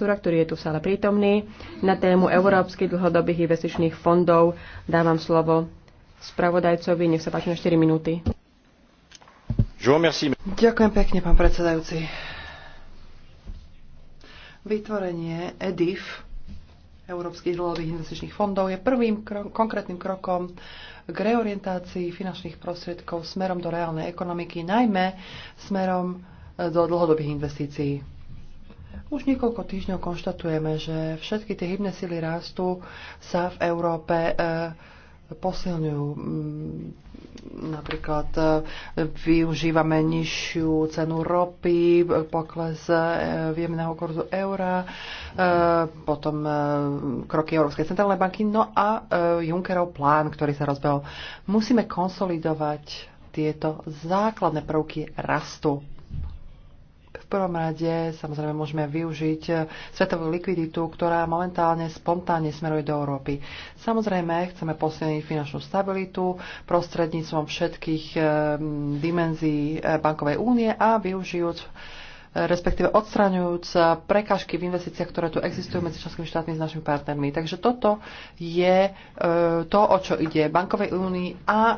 Cura, ktorý je tu v sále prítomný. Na tému Európskych dlhodobých investičných fondov dávam slovo spravodajcovi. Nech sa páči na 4 minúty. Ďakujem pekne, pán predsedajúci. Vytvorenie EDIF Európskych dlhodobých investičných fondov je prvým kro- konkrétnym krokom k reorientácii finančných prostriedkov smerom do reálnej ekonomiky, najmä smerom e, do dlhodobých investícií. Už niekoľko týždňov konštatujeme, že všetky tie hybné sily rastu sa v Európe e, posilňujú. Mm, napríklad e, využívame nižšiu cenu ropy, pokles e, eh, viemného kurzu eura, e, potom e, kroky Európskej centrálnej banky, no a e, Junckerov plán, ktorý sa rozbehol. Musíme konsolidovať tieto základné prvky rastu prvom rade samozrejme môžeme využiť eh, svetovú likviditu, ktorá momentálne spontánne smeruje do Európy. Samozrejme, chceme posilniť finančnú stabilitu prostredníctvom všetkých eh, dimenzií eh, bankovej únie a využijúc respektíve odstraňujúc prekažky v investíciách, ktoré tu existujú medzi členskými štátmi s našimi partnermi. Takže toto je e, to, o čo ide bankovej únii a e,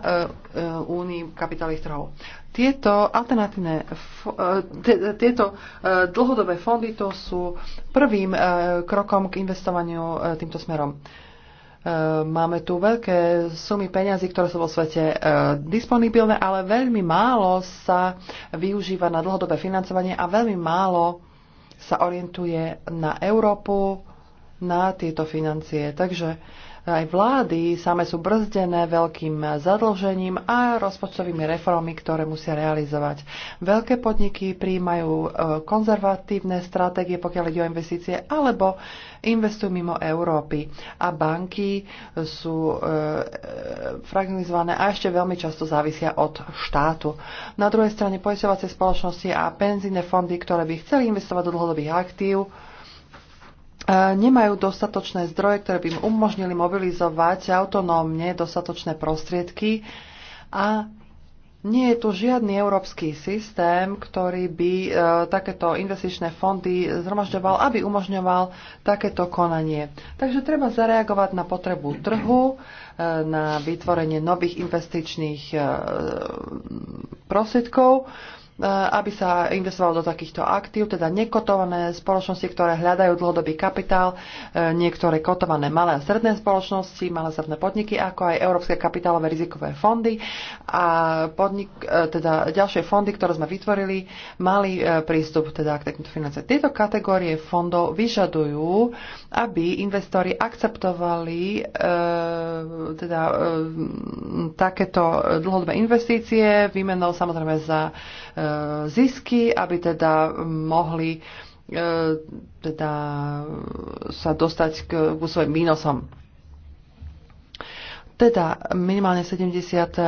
únii kapitálových trhov. Tieto alternatívne, e, tieto dlhodobé fondy to sú prvým krokom k investovaniu týmto smerom. Eh, máme tu veľké sumy peňazí, ktoré sú vo svete eh, disponibilné, ale veľmi málo sa využíva na dlhodobé financovanie a veľmi málo sa orientuje na Európu, na tieto financie. Takže aj vlády same sú brzdené veľkým zadlžením a rozpočtovými reformy, ktoré musia realizovať. Veľké podniky príjmajú e, konzervatívne stratégie, pokiaľ ide o investície, alebo investujú mimo Európy. A banky sú e, e, fragmentizované a ešte veľmi často závisia od štátu. Na druhej strane poisťovacie spoločnosti a penzíne fondy, ktoré by chceli investovať do dlhodobých aktív, E, nemajú dostatočné zdroje, ktoré by im umožnili mobilizovať autonómne dostatočné prostriedky a nie je tu žiadny európsky systém, ktorý by e, takéto investičné fondy zhromažďoval, aby umožňoval takéto konanie. Takže treba zareagovať na potrebu trhu, e, na vytvorenie nových investičných e, prostriedkov E, aby sa investovalo do takýchto aktív, teda nekotované spoločnosti, ktoré hľadajú dlhodobý kapitál, e, niektoré kotované malé a stredné spoločnosti, malé a stredné podniky, ako aj európske kapitálové rizikové fondy a podnik, e, teda ďalšie fondy, ktoré sme vytvorili, mali prístup teda k takýmto financiám. Tieto kategórie fondov vyžadujú, aby investori akceptovali teda takéto dlhodobé investície výmenou samozrejme za zisky, aby teda mohli e, teda sa dostať k, k svojim výnosom. Teda minimálne 70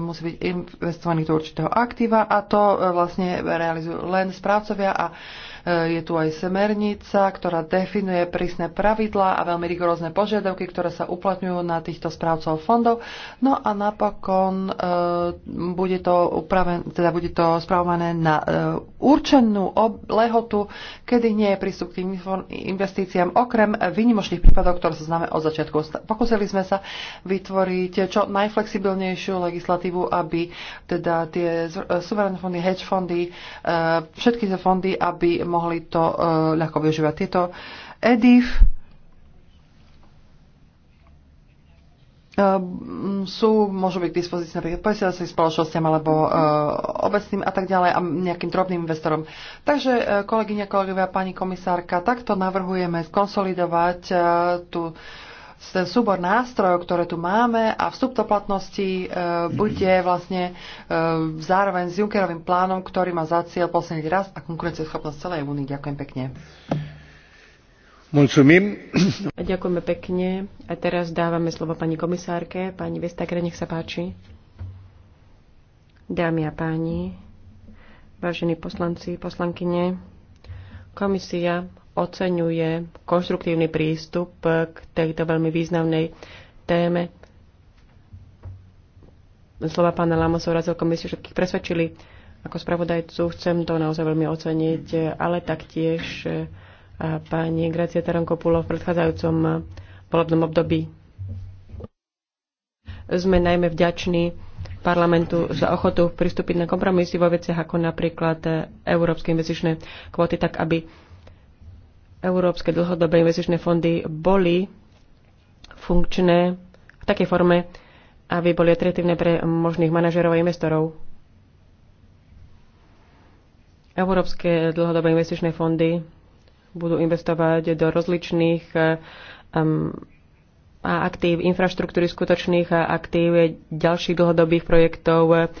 musí byť investovaných do určitého aktíva a to e, vlastne realizujú len správcovia a je tu aj smernica, ktorá definuje prísne pravidlá a veľmi rigorózne požiadavky, ktoré sa uplatňujú na týchto správcov fondov. No a napokon e, bude to, upraven, teda bude to spravované na e, určenú lehotu, kedy nie je prístup k tým investíciám, okrem výnimočných prípadov, ktoré sa známe od začiatku. Pokúsili sme sa vytvoriť čo najflexibilnejšiu legislatívu, aby teda tie e, suverénne fondy, hedge fondy, všetky tie fondy, aby mohli to eh, ľahko využívať. Tieto EDIF eh, sú, môžu byť k dispozícii napríklad poistiteľským spoločnosťam alebo eh, obecným a tak ďalej a nejakým drobným investorom. Takže kolegyňa, kolegovia, pani komisárka, takto navrhujeme skonsolidovať tú ten súbor nástrojov, ktoré tu máme a vstup do platnosti e, bude vlastne e, zároveň s Junckerovým plánom, ktorý má za cieľ posledný rast a konkurencieschopnosť celej únie. Ďakujem pekne. Mulțumim. Ďakujeme pekne. A teraz dávame slovo pani komisárke. Pani Vestakre, nech sa páči. Dámy a páni, vážení poslanci, poslankyne, komisia oceňuje konštruktívny prístup k tejto veľmi významnej téme. Slova pána Lamosovra celkom by si všetkých presvedčili. Ako spravodajcu chcem to naozaj veľmi oceniť, ale taktiež eh, pani Gracia Tarankopulo v predchádzajúcom eh, volebnom období. Sme najmä vďační parlamentu za ochotu pristúpiť na kompromisy vo veciach ako napríklad eh, európske investičné kvóty, tak aby európske dlhodobé investičné fondy boli funkčné v takej forme, aby boli atraktívne pre možných manažerov a investorov. Európske dlhodobé investičné fondy budú investovať do rozličných um, a aktív infraštruktúry skutočných a aktív ďalších dlhodobých projektov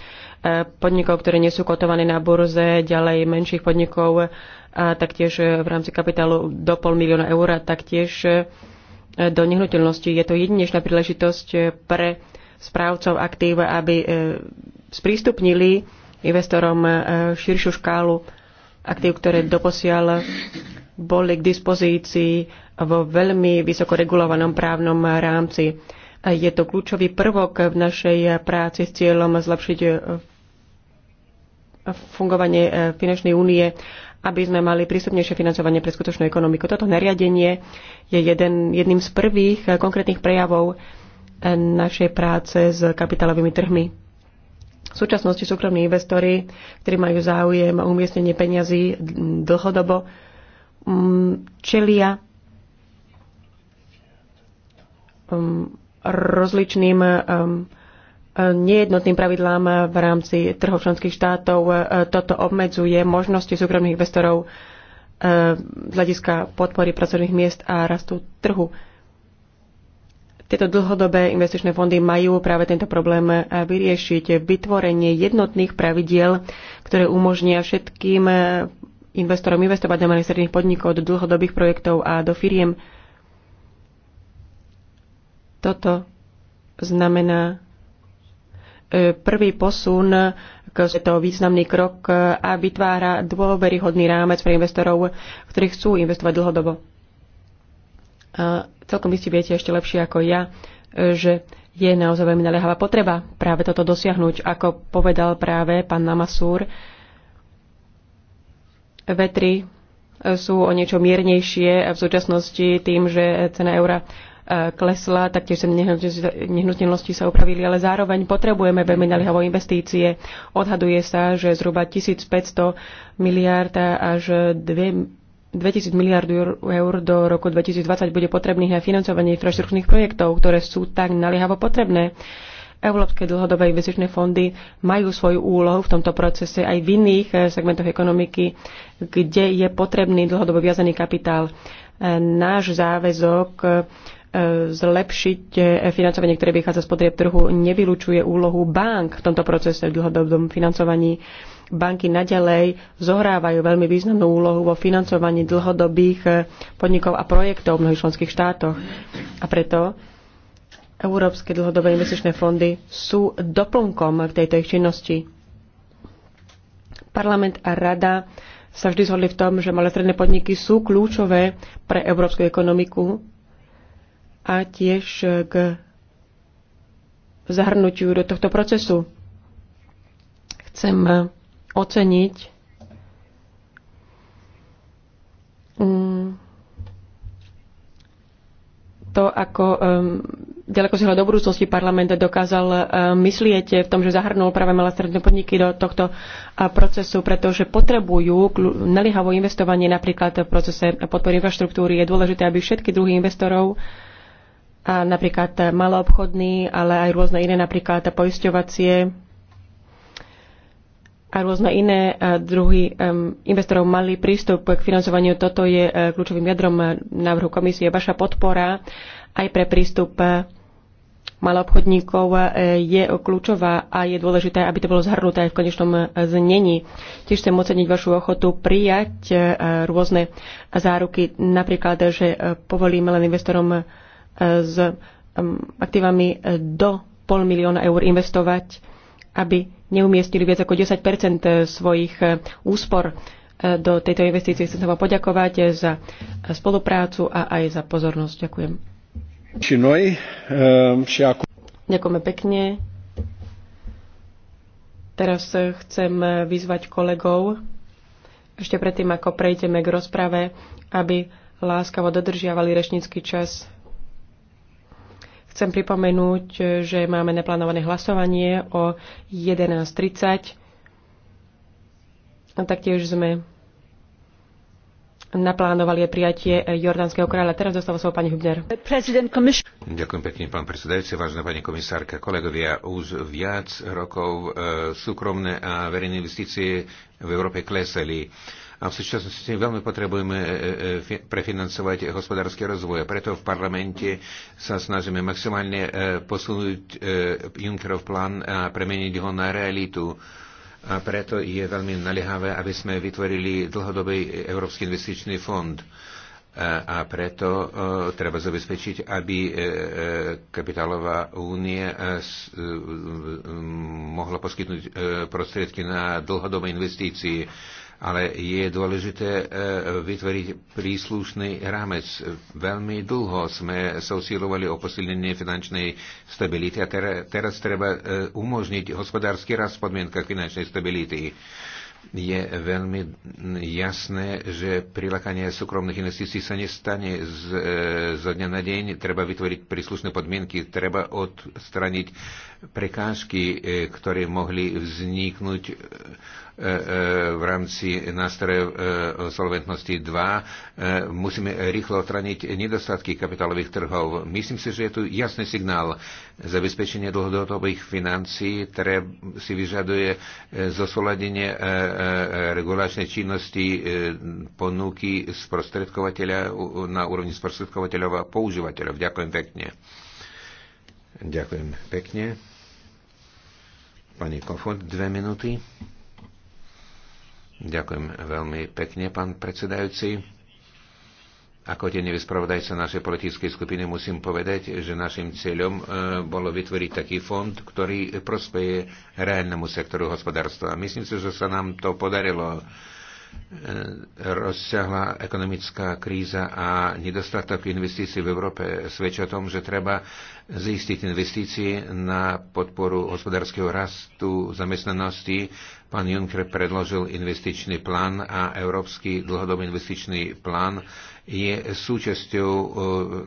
podnikov, ktoré nie sú kotované na burze, ďalej menších podnikov, a taktiež v rámci kapitálu do pol milióna eur a taktiež e, do nehnuteľnosti. Je to jedinečná príležitosť e, pre správcov aktív, aby e, sprístupnili investorom širšiu škálu aktív, ktoré doposiaľ boli k dispozícii vo veľmi vysoko regulovanom právnom rámci. Je to kľúčový prvok v našej práci s cieľom zlepšiť fungovanie e, finančnej únie, aby sme mali prístupnejšie financovanie pre skutočnú ekonomiku. Toto nariadenie je jeden, jedným z prvých e, konkrétnych prejavov e, našej práce s kapitálovými trhmi. V súčasnosti súkromní investori, ktorí majú záujem o umiestnenie peňazí dlhodobo, čelia rozličným nejednotným pravidlám v rámci trhov členských štátov e, toto obmedzuje možnosti súkromných investorov e, z hľadiska podpory pracovných miest a rastu trhu. Tieto dlhodobé investičné fondy majú práve tento problém e, vyriešiť vytvorenie jednotných pravidiel, ktoré umožnia všetkým investorom investovať do malých stredných podnikov, do dlhodobých projektov a do firiem. Toto znamená prvý posun je to významný krok a vytvára dôveryhodný rámec pre investorov, ktorí chcú investovať dlhodobo. A celkom iste viete ešte lepšie ako ja, že je naozaj veľmi naliehavá potreba práve toto dosiahnuť. Ako povedal práve pán Namasúr, vetry sú o niečo miernejšie v súčasnosti tým, že cena eura klesla, taktiež sa nehnuteľnosti sa upravili, ale zároveň potrebujeme veľmi naliehavo investície. Odhaduje sa, že zhruba 1500 miliárd až 2, 2000 miliard eur do roku 2020 bude potrebných na financovanie infraštruktúrnych projektov, ktoré sú tak naliehavo potrebné. Európske dlhodobé investičné fondy majú svoju úlohu v tomto procese aj v iných eh, segmentoch ekonomiky, kde je potrebný dlhodobo viazaný kapitál. Eh, náš záväzok eh, zlepšiť e, financovanie, ktoré vychádza z potrieb trhu, nevylučuje úlohu bank v tomto procese v dlhodobom financovaní. Banky naďalej zohrávajú veľmi významnú úlohu vo financovaní dlhodobých e, podnikov a projektov v mnohých členských štátoch. A preto európske dlhodobé investičné fondy sú doplnkom k tejto ich činnosti. Parlament a rada sa vždy zhodli v tom, že malé stredné podniky sú kľúčové pre európsku ekonomiku a tiež k zahrnutiu do tohto procesu. Chcem oceniť mm, to, ako ďaleko si do budúcnosti parlament dokázal myslieť v tom, že zahrnul práve malé stredné podniky do tohto procesu, pretože potrebujú nelihavo investovanie napríklad v procese podpory infraštruktúry. Je dôležité, aby všetky druhy investorov a napríklad maloobchodný, ale aj rôzne iné, napríklad poisťovacie a rôzne iné e, druhy e, investorov mali prístup k financovaniu. Toto je e, kľúčovým jadrom návrhu komisie. Vaša podpora aj pre prístup maloobchodníkov je kľúčová a je dôležité, aby to bolo zhrnuté aj v konečnom znení. Tiež chcem oceniť vašu ochotu prijať rôzne záruky, napríklad, že povolíme len investorom s aktívami do pol milióna eur investovať, aby neumiestnili viac ako 10 svojich eh, úspor eh, do tejto investície. Chcem sa vám poďakovať eh, za spoluprácu a aj za pozornosť. Ďakujem. Ďakujeme pekne. Teraz chcem vyzvať kolegov, ešte predtým, ako prejdeme k rozprave, aby láskavo dodržiavali rečnícky čas. Chcem pripomenúť, že máme naplánované hlasovanie o 11.30. A taktiež sme naplánovali aj prijatie jordánskeho kráľa. Teraz dostáva slovo pani Hübner. Ďakujem pekne, pán predsedajúci, vážená pani komisárka, kolegovia. Už viac rokov eh, súkromné a verejné investície v Európe kleseli a v súčasnosti veľmi potrebujeme e, e, prefinancovať hospodársky rozvoj. A preto v parlamente sa snažíme maximálne e, posunúť Junckerov plán a premeniť ho na realitu. A preto je veľmi naliehavé, aby sme vytvorili dlhodobý Európsky investičný fond a preto treba zabezpečiť, aby kapitálová únie mohla poskytnúť prostriedky na dlhodobé investície ale je dôležité e, vytvoriť príslušný rámec. Veľmi dlho sme sa usilovali o posilnenie finančnej stability a teraz treba e, umožniť hospodársky rast v podmienkach finančnej stability. Je veľmi jasné, že prilákanie súkromných investícií sa nestane z, e, z dňa na deň. Treba vytvoriť príslušné podmienky, treba odstraniť prekážky, ktoré mohli vzniknúť E, e, v rámci nástroje e, solventnosti 2 musíme rýchlo odstraniť nedostatky kapitálových trhov. Myslím si, že je tu jasný signál. Zabezpečenie dlhodobých financí si vyžaduje zosúladenie regulačnej činnosti ponuky sprostredkovateľa na úrovni sprostredkovateľov a používateľov. Ďakujem pekne. Ďakujem pekne. Pani Kofod, dve minúty. Ďakujem veľmi pekne, pán predsedajúci. Ako tie nevyspravodajca našej politickej skupiny musím povedať, že našim cieľom e, bolo vytvoriť taký fond, ktorý prospeje reálnemu sektoru hospodárstva. Myslím si, že sa nám to podarilo E, rozsiahla ekonomická kríza a nedostatok investícií v Európe svedčí o tom, že treba zistiť investície na podporu hospodárskeho rastu, zamestnanosti. Pán Juncker predložil investičný plán a Európsky dlhodobý investičný plán je súčasťou e,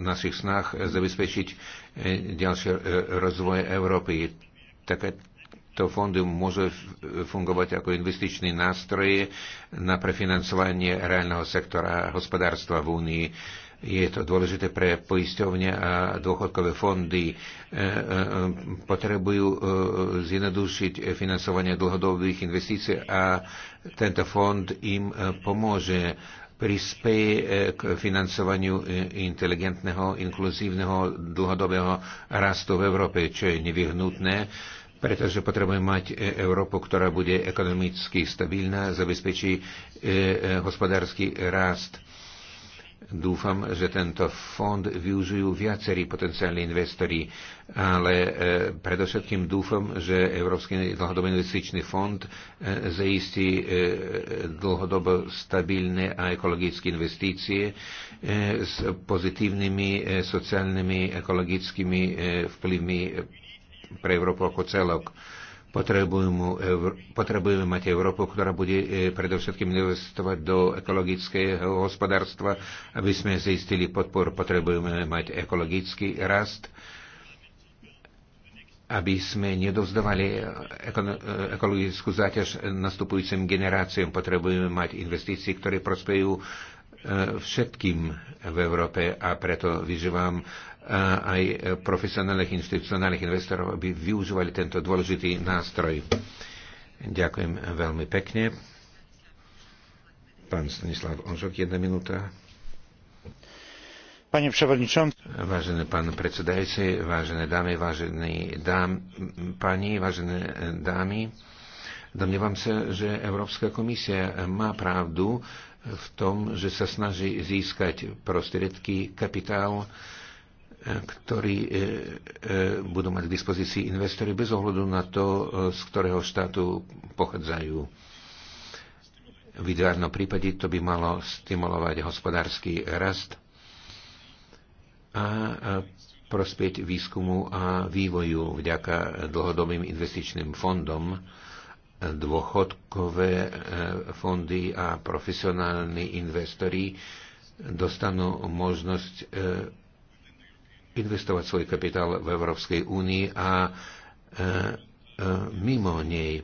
našich snah zabezpečiť e, ďalšie rozvoj Európy. Také tieto fondy môžu fungovať ako investičný nástroj na prefinancovanie reálneho sektora hospodárstva v Únii. Je to dôležité pre poisťovne a dôchodkové fondy. E, e, potrebujú e, zjednodušiť financovanie dlhodobých investícií a tento fond im pomôže prispieje k financovaniu inteligentného, inkluzívneho, dlhodobého rastu v Európe, čo je nevyhnutné pretože potrebujeme mať e, Európu, ktorá bude ekonomicky stabilná, zabezpečí e, e, hospodársky rast. Dúfam, že tento fond využijú viacerí potenciálni investori, ale predovšetkým dúfam, že Európsky dlhodobý investičný fond zaistí dlhodobo stabilné a ekologické investície s pozitívnymi sociálnymi ekologickými vplyvmi pre Európu ako celok. Potrebujeme, mať Európu, ktorá bude e, predovšetkým investovať do ekologického hospodárstva, aby sme zistili podporu. Potrebujeme mať ekologický rast, aby sme nedozdávali e, e, ekologickú záťaž nastupujúcim generáciám. Potrebujeme mať investície, ktoré prospejú všetkým v Európe a preto vyžívam aj e, profesionálnych institucionálnych investorov, aby využívali tento dôležitý nástroj. Ďakujem veľmi pekne. Pán Stanislav Onžok, jedna minúta. Pane Převodničom. Vážený pán predsedajúci, vážené dámy, vážené dám, pani, vážené e, dámy, domnievam sa, že Európska komisia má pravdu v tom, že sa snaží získať prostriedky, kapitál, ktorí e, e, budú mať k dispozícii investori bez ohľadu na to, e, z ktorého štátu pochádzajú. V ideálnom prípade to by malo stimulovať hospodársky rast a prospieť výskumu a vývoju vďaka dlhodobým investičným fondom, dôchodkové fondy a profesionálni investori dostanú možnosť investovať svoj kapitál v Európskej únii a e, e, mimo nej.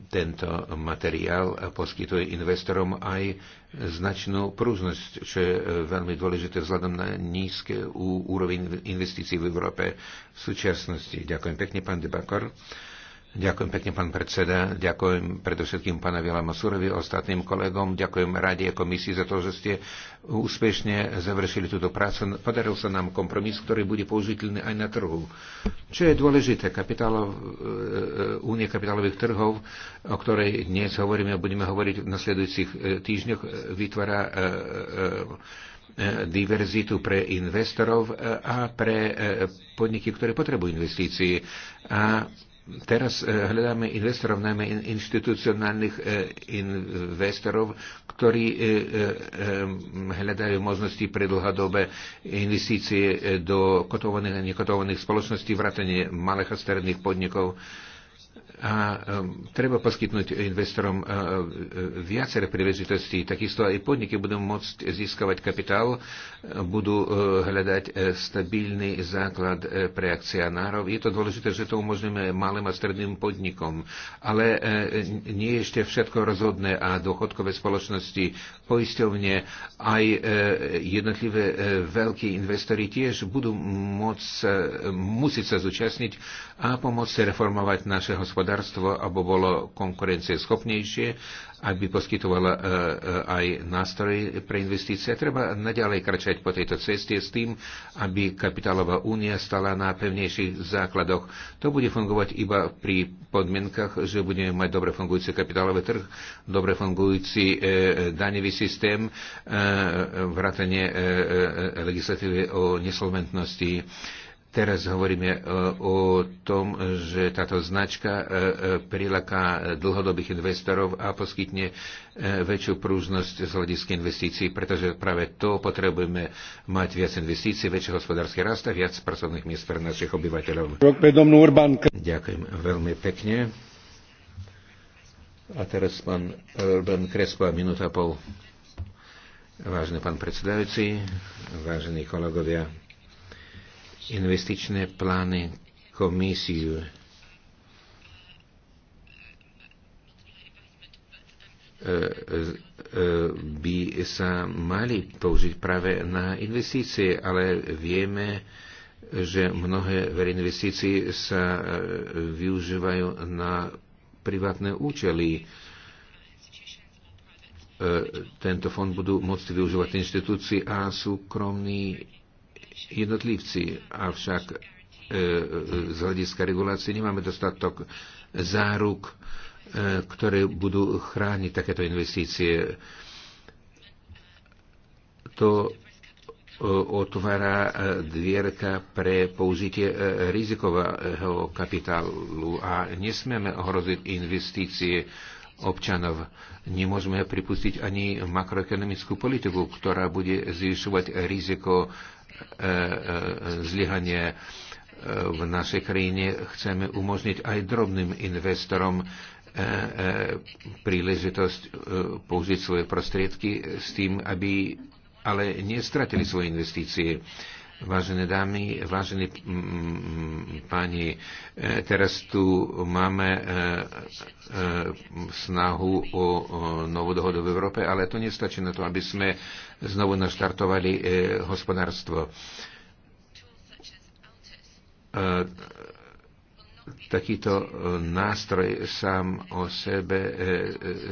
Tento materiál poskytuje investorom aj značnú prúznosť, čo je e, veľmi dôležité vzhľadom na nízke úroveň investícií v Európe v súčasnosti. Ďakujem pekne, pán Debakor. Ďakujem pekne, pán predseda. Ďakujem predovšetkým pána Viela Masurovi, ostatným kolegom. Ďakujem Rade a komisii za to, že ste úspešne završili túto prácu. Podaril sa nám kompromis, ktorý bude použiteľný aj na trhu. Čo je dôležité, kapitálov, e, e, únie kapitálových trhov, o ktorej dnes hovoríme a budeme hovoriť v nasledujúcich e, týždňoch, vytvára diverzitu pre investorov a pre podniky, ktoré potrebujú investície. A Teraz eh, hľadáme investorov, najmä inštitucionálnych eh, investorov, ktorí eh, hľadajú možnosti pre dlhodobé investície do kotovaných a nekotovaných spoločností, vrátanie malých a stredných podnikov a ehm, treba poskytnúť investorom e, e, viacere príležitosti. Takisto aj podniky budú môcť získavať kapitál, e, budú hľadať stabilný základ pre akcionárov. Je to dôležité, že to umožníme malým a stredným podnikom, ale nie je ešte všetko rozhodné a dochodkové spoločnosti, poisťovne, aj jednotlivé veľkí investori tiež budú môcť, musieť sa zúčastniť a pomôcť reformovať naše hospodárstvo hospodárstvo, aby bolo konkurencie schopnejšie, aby poskytovala e, e, aj nástroj pre investície. Treba naďalej kračať po tejto ceste s tým, aby kapitálová únia stala na pevnejších základoch. To bude fungovať iba pri podmienkach, že budeme mať dobre fungujúci kapitálový trh, dobre fungujúci e, daňový systém, vrátanie legislatívy o nesolventnosti Teraz hovoríme e, o tom, že táto značka e, e, prilaká dlhodobých investorov a poskytne väčšiu prúžnosť z hľadiska investícií, pretože práve to potrebujeme mať viac investícií, väčšie hospodárske rast a viac pracovných miest pre našich obyvateľov. Ďakujem veľmi pekne. A teraz pán Urban Krespo, minúta a pol. Vážený pán predsedajúci, vážení kolegovia, investičné plány komisiu. E, e, by sa mali použiť práve na investície, ale vieme, že mnohé verejné investície sa e, využívajú na privátne účely. Tento fond budú môcť využívať inštitúcii a súkromní jednotlivci, avšak e, e, z hľadiska regulácie nemáme dostatok záruk, e, ktoré budú chrániť takéto investície. To otvára dvierka pre použitie rizikového kapitálu a nesmieme ohroziť investície občanov. Nemôžeme pripustiť ani makroekonomickú politiku, ktorá bude zvyšovať riziko e, e, zlyhania e, v našej krajine. Chceme umožniť aj drobným investorom príležitosť použiť svoje prostriedky s tým, aby ale nestratili svoje investície. Vážené dámy, vážení mm, mm, mm, páni, e, teraz tu máme e, e, snahu o novú dohodu v Európe, ale to nestačí na to, aby sme znovu naštartovali hospodárstvo takýto nástroj sám o sebe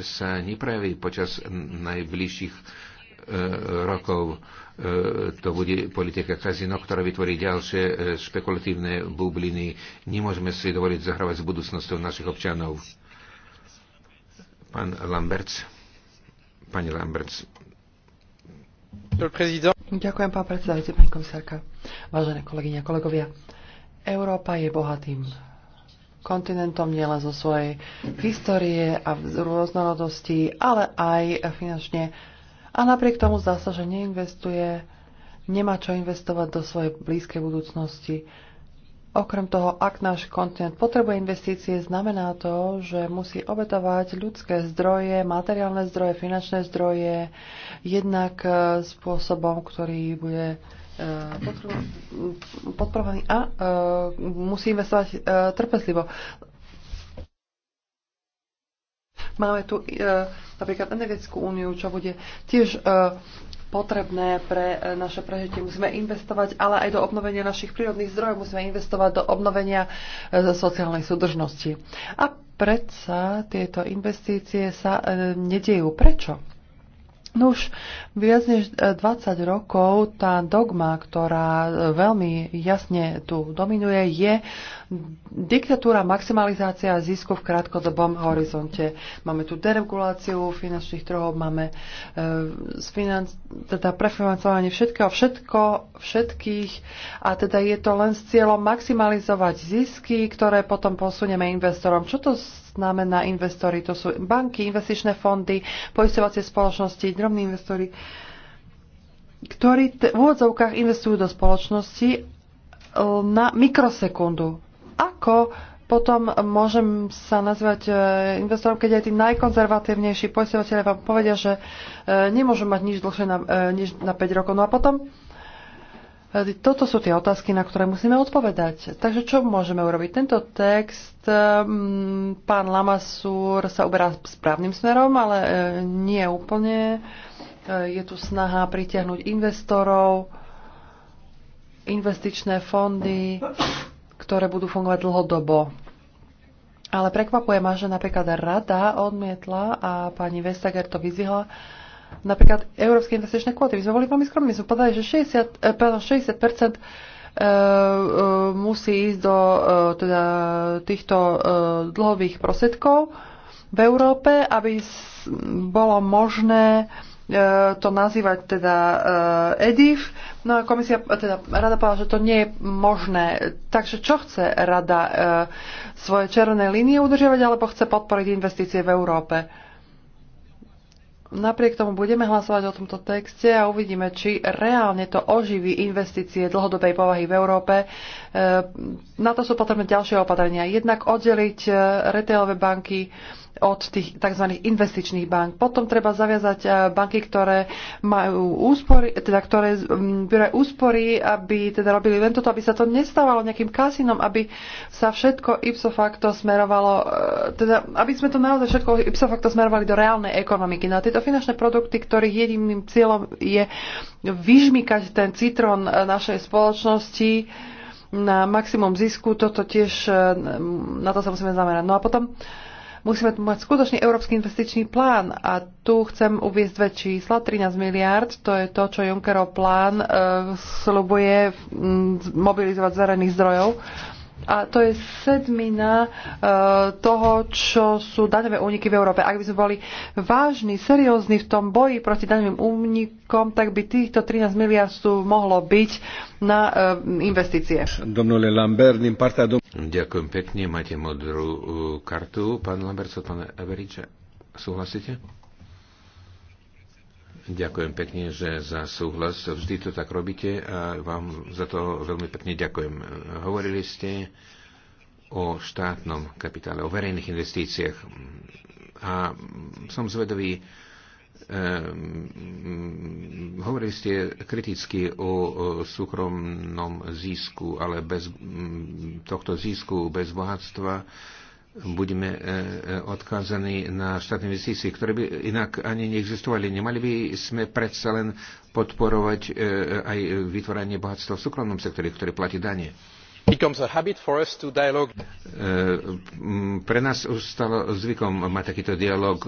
sa neprejaví počas najbližších rokov. E, to bude politika kazino, ktorá vytvorí ďalšie e, špekulatívne bubliny. Nemôžeme si dovoliť zahrávať s budúcnosťou našich občanov. Pán Lamberts. Pani Lamberts. Ďakujem, pán predsedajúci, pani komisárka. Vážené kolegyne a kolegovia, Európa je bohatým kontinentom nielen zo svojej histórie a rôznorodosti, ale aj finančne a napriek tomu zdá sa, že neinvestuje, nemá čo investovať do svojej blízkej budúcnosti. Okrem toho, ak náš kontinent potrebuje investície, znamená to, že musí obetovať ľudské zdroje, materiálne zdroje, finančné zdroje, jednak e, spôsobom, ktorý bude e, podporovaný a e, musí investovať trpezlivo. Máme tu e, napríklad energetickú úniu, čo bude tiež e, potrebné pre e, naše prežitie. Musíme investovať ale aj do obnovenia našich prírodných zdrojov, musíme investovať do obnovenia sociálnej súdržnosti. A predsa tieto investície sa nedejú. Prečo? No už viac než 20 e, rokov tá dogma, ktorá e, veľmi jasne tu dominuje, je diktatúra maximalizácia zisku v krátkodobom horizonte. Máme tu dereguláciu finančných trhov, máme uh, e, financ, teda prefinancovanie všetkého, všetko, všetkých a teda je to len s cieľom maximalizovať zisky, ktoré potom posunieme investorom. Čo to znamená investory, To sú banky, investičné fondy, poistovacie spoločnosti, drobní investori, ktorí v úvodzovkách investujú do spoločnosti e, na mikrosekundu. Ako potom môžem sa nazvať e, investorom, keď aj tí najkonzervatívnejší poistovateľe vám povedia, že e, nemôžu mať nič dlhšie na, než na 5 rokov. No a potom E, toto sú tie otázky, na ktoré musíme odpovedať. Takže čo môžeme urobiť? Tento text, e, pán Lamasúr sa uberá správnym smerom, ale e, nie úplne. Je tu snaha pritiahnuť investorov, investičné fondy, ktoré budú fungovať dlhodobo. Ale prekvapuje ma, že napríklad rada odmietla a pani Vestager to vyzvihla, napríklad európske investičné kvóty. My sme boli veľmi skromní. My sme povedali, že 60, eh, pardon, 60 eh, eh, musí ísť do teda, týchto dlhových prosedkov v Európe, aby bolo možné to nazývať teda EDIF. No a komisia, teda rada povedala, že to nie je možné. Takže čo chce rada? Svoje červené línie udržiavať alebo chce podporiť investície v Európe? Napriek tomu budeme hlasovať o tomto texte a uvidíme, či reálne to oživí investície dlhodobej povahy v Európe. E, na to sú potrebné ďalšie opatrenia. Jednak oddeliť e, retailové banky od tých tzv. investičných bank. Potom treba zaviazať eh, banky, ktoré majú úspory, teda ktoré bývajú mm, úspory, aby teda robili len toto, aby sa to nestávalo nejakým kasinom, aby sa všetko ipso facto smerovalo, eh, teda aby sme to naozaj všetko ipso facto smerovali do reálnej ekonomiky. Na no tieto finančné produkty, ktorých jediným cieľom je vyžmykať ten citron eh, našej spoločnosti, na maximum zisku, toto tiež na to sa musíme zamerať. No a potom uh, Musíme tu mať skutočný európsky investičný plán a tu chcem uviezť dve čísla. 13 miliard, to je to, čo Junckerov plán e, slubuje mm, mobilizovať zelených zdrojov a to je sedmina e, toho, čo sú daňové úniky v Európe. Ak by sme boli vážni, seriózni v tom boji proti daňovým únikom, tak by týchto 13 miliard sú mohlo byť na e, investície. Lambert, dom- Ďakujem pekne, máte modrú e, kartu. Pán Lambert, od pána Everiča, súhlasíte? Ďakujem pekne, že za súhlas vždy to tak robíte a vám za to veľmi pekne ďakujem. Hovorili ste o štátnom kapitále, o verejných investíciách a som zvedavý, ehm, hovorili ste kriticky o súkromnom zisku, ale bez tohto zisku, bez bohatstva budeme e, e, odkázaní na štátne investície, ktoré by inak ani neexistovali. Nemali by sme predsa len podporovať e, aj vytváranie bohatstva v súkromnom sektore, ktoré platí dane. Pre nás už stalo zvykom mať takýto dialog.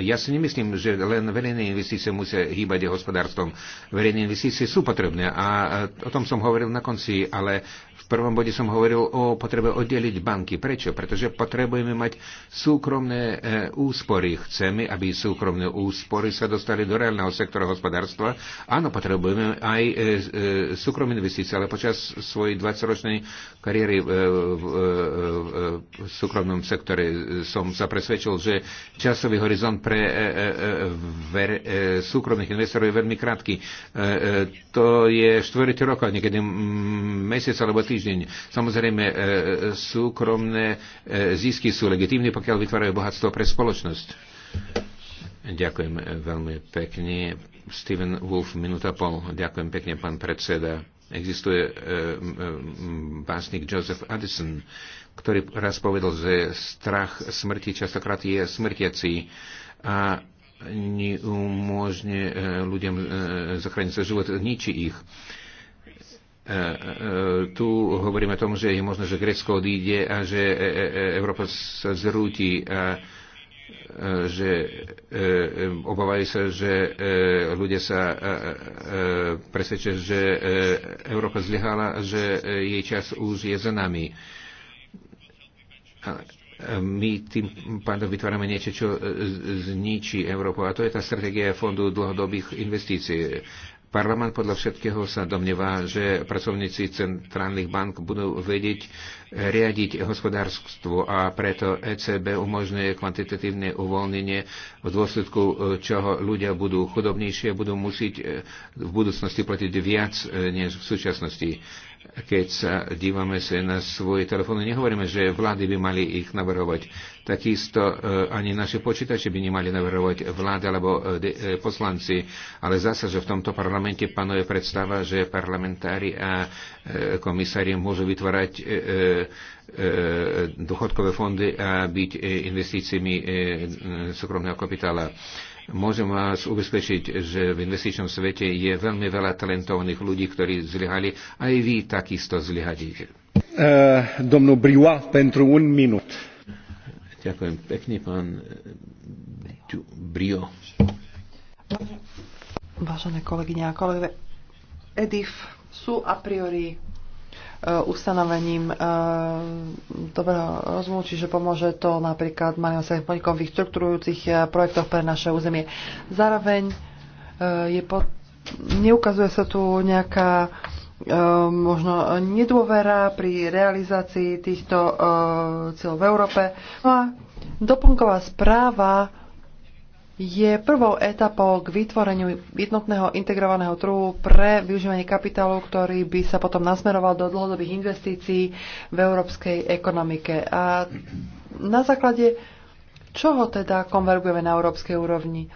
Ja si nemyslím, že len verejné investície musia hýbať hospodárstvom. Verejné investície sú potrebné a o tom som hovoril na konci, ale prvom bode som hovoril o potrebe oddeliť banky. Prečo? Pretože potrebujeme mať súkromné eh, úspory. Chceme, aby súkromné úspory sa dostali do reálneho sektora hospodárstva. Áno, potrebujeme aj eh, eh, súkromné investície, ale počas svojej 20-ročnej kariéry v súkromnom sektore som sa presvedčil, že časový horizont pre súkromných investorov je veľmi krátky. To je 4 rokov, niekedy mesiac alebo týždeň týždeň. Samozrejme, e, súkromné e, zisky sú legitímne, pokiaľ vytvárajú bohatstvo pre spoločnosť. Ďakujem e, veľmi pekne. Steven Wolf, minúta pol. Ďakujem pekne, pán predseda. Existuje básnik Joseph Addison, ktorý raz povedal, že strach smrti častokrát je smrtiací a neumožne ľuďom zachrániť sa život, ničí ich. E, E, e, e, tu hovoríme o tom, že je možné, že Grécko odíde a že Európa sa zrúti a že obávajú sa, že ľudia sa presvedčia, že Európa zlyhala, že jej čas už je za nami. My tým pádom vytvárame niečo, čo zničí Európu. A to je tá stratégia Fondu dlhodobých investícií. Parlament podľa všetkého sa domnieva, že pracovníci centrálnych bank budú vedieť eh, riadiť hospodárstvo a preto ECB umožňuje kvantitatívne uvoľnenie, v dôsledku eh, čoho ľudia budú chudobnejšie, budú musieť eh, v budúcnosti platiť viac než v súčasnosti keď sa dívame sa na svoje telefóny, nehovoríme, že vlády by mali ich navrhovať. Takisto e, ani naše počítače by nemali navrhovať vláda alebo e, e, poslanci, ale zase, že v tomto parlamente panuje predstava, že parlamentári a komisári môžu vytvárať dôchodkové fondy a byť investíciami súkromného kapitála. Môžem vás ubezpečiť, že v investičnom svete je veľmi veľa talentovaných ľudí, ktorí zlyhali. Aj vy takisto zlyhadíte. Uh, domnul Briua, pentru un minut. Ďakujem pekne, pán eh, Brio. Vážené kolegyne a kolegové, EDIF sú a priori E, ustanovením e, dobrého rozumu, čiže pomôže to napríklad malým sa v ich e, projektoch pre naše územie. Zároveň je pod... neukazuje sa tu nejaká možno nedôvera pri realizácii týchto cieľov v Európe. No a doplnková správa je prvou etapou k vytvoreniu jednotného integrovaného trhu pre využívanie kapitálu, ktorý by sa potom nasmeroval do dlhodobých investícií v európskej ekonomike. A na základe čoho teda konvergujeme na európskej úrovni?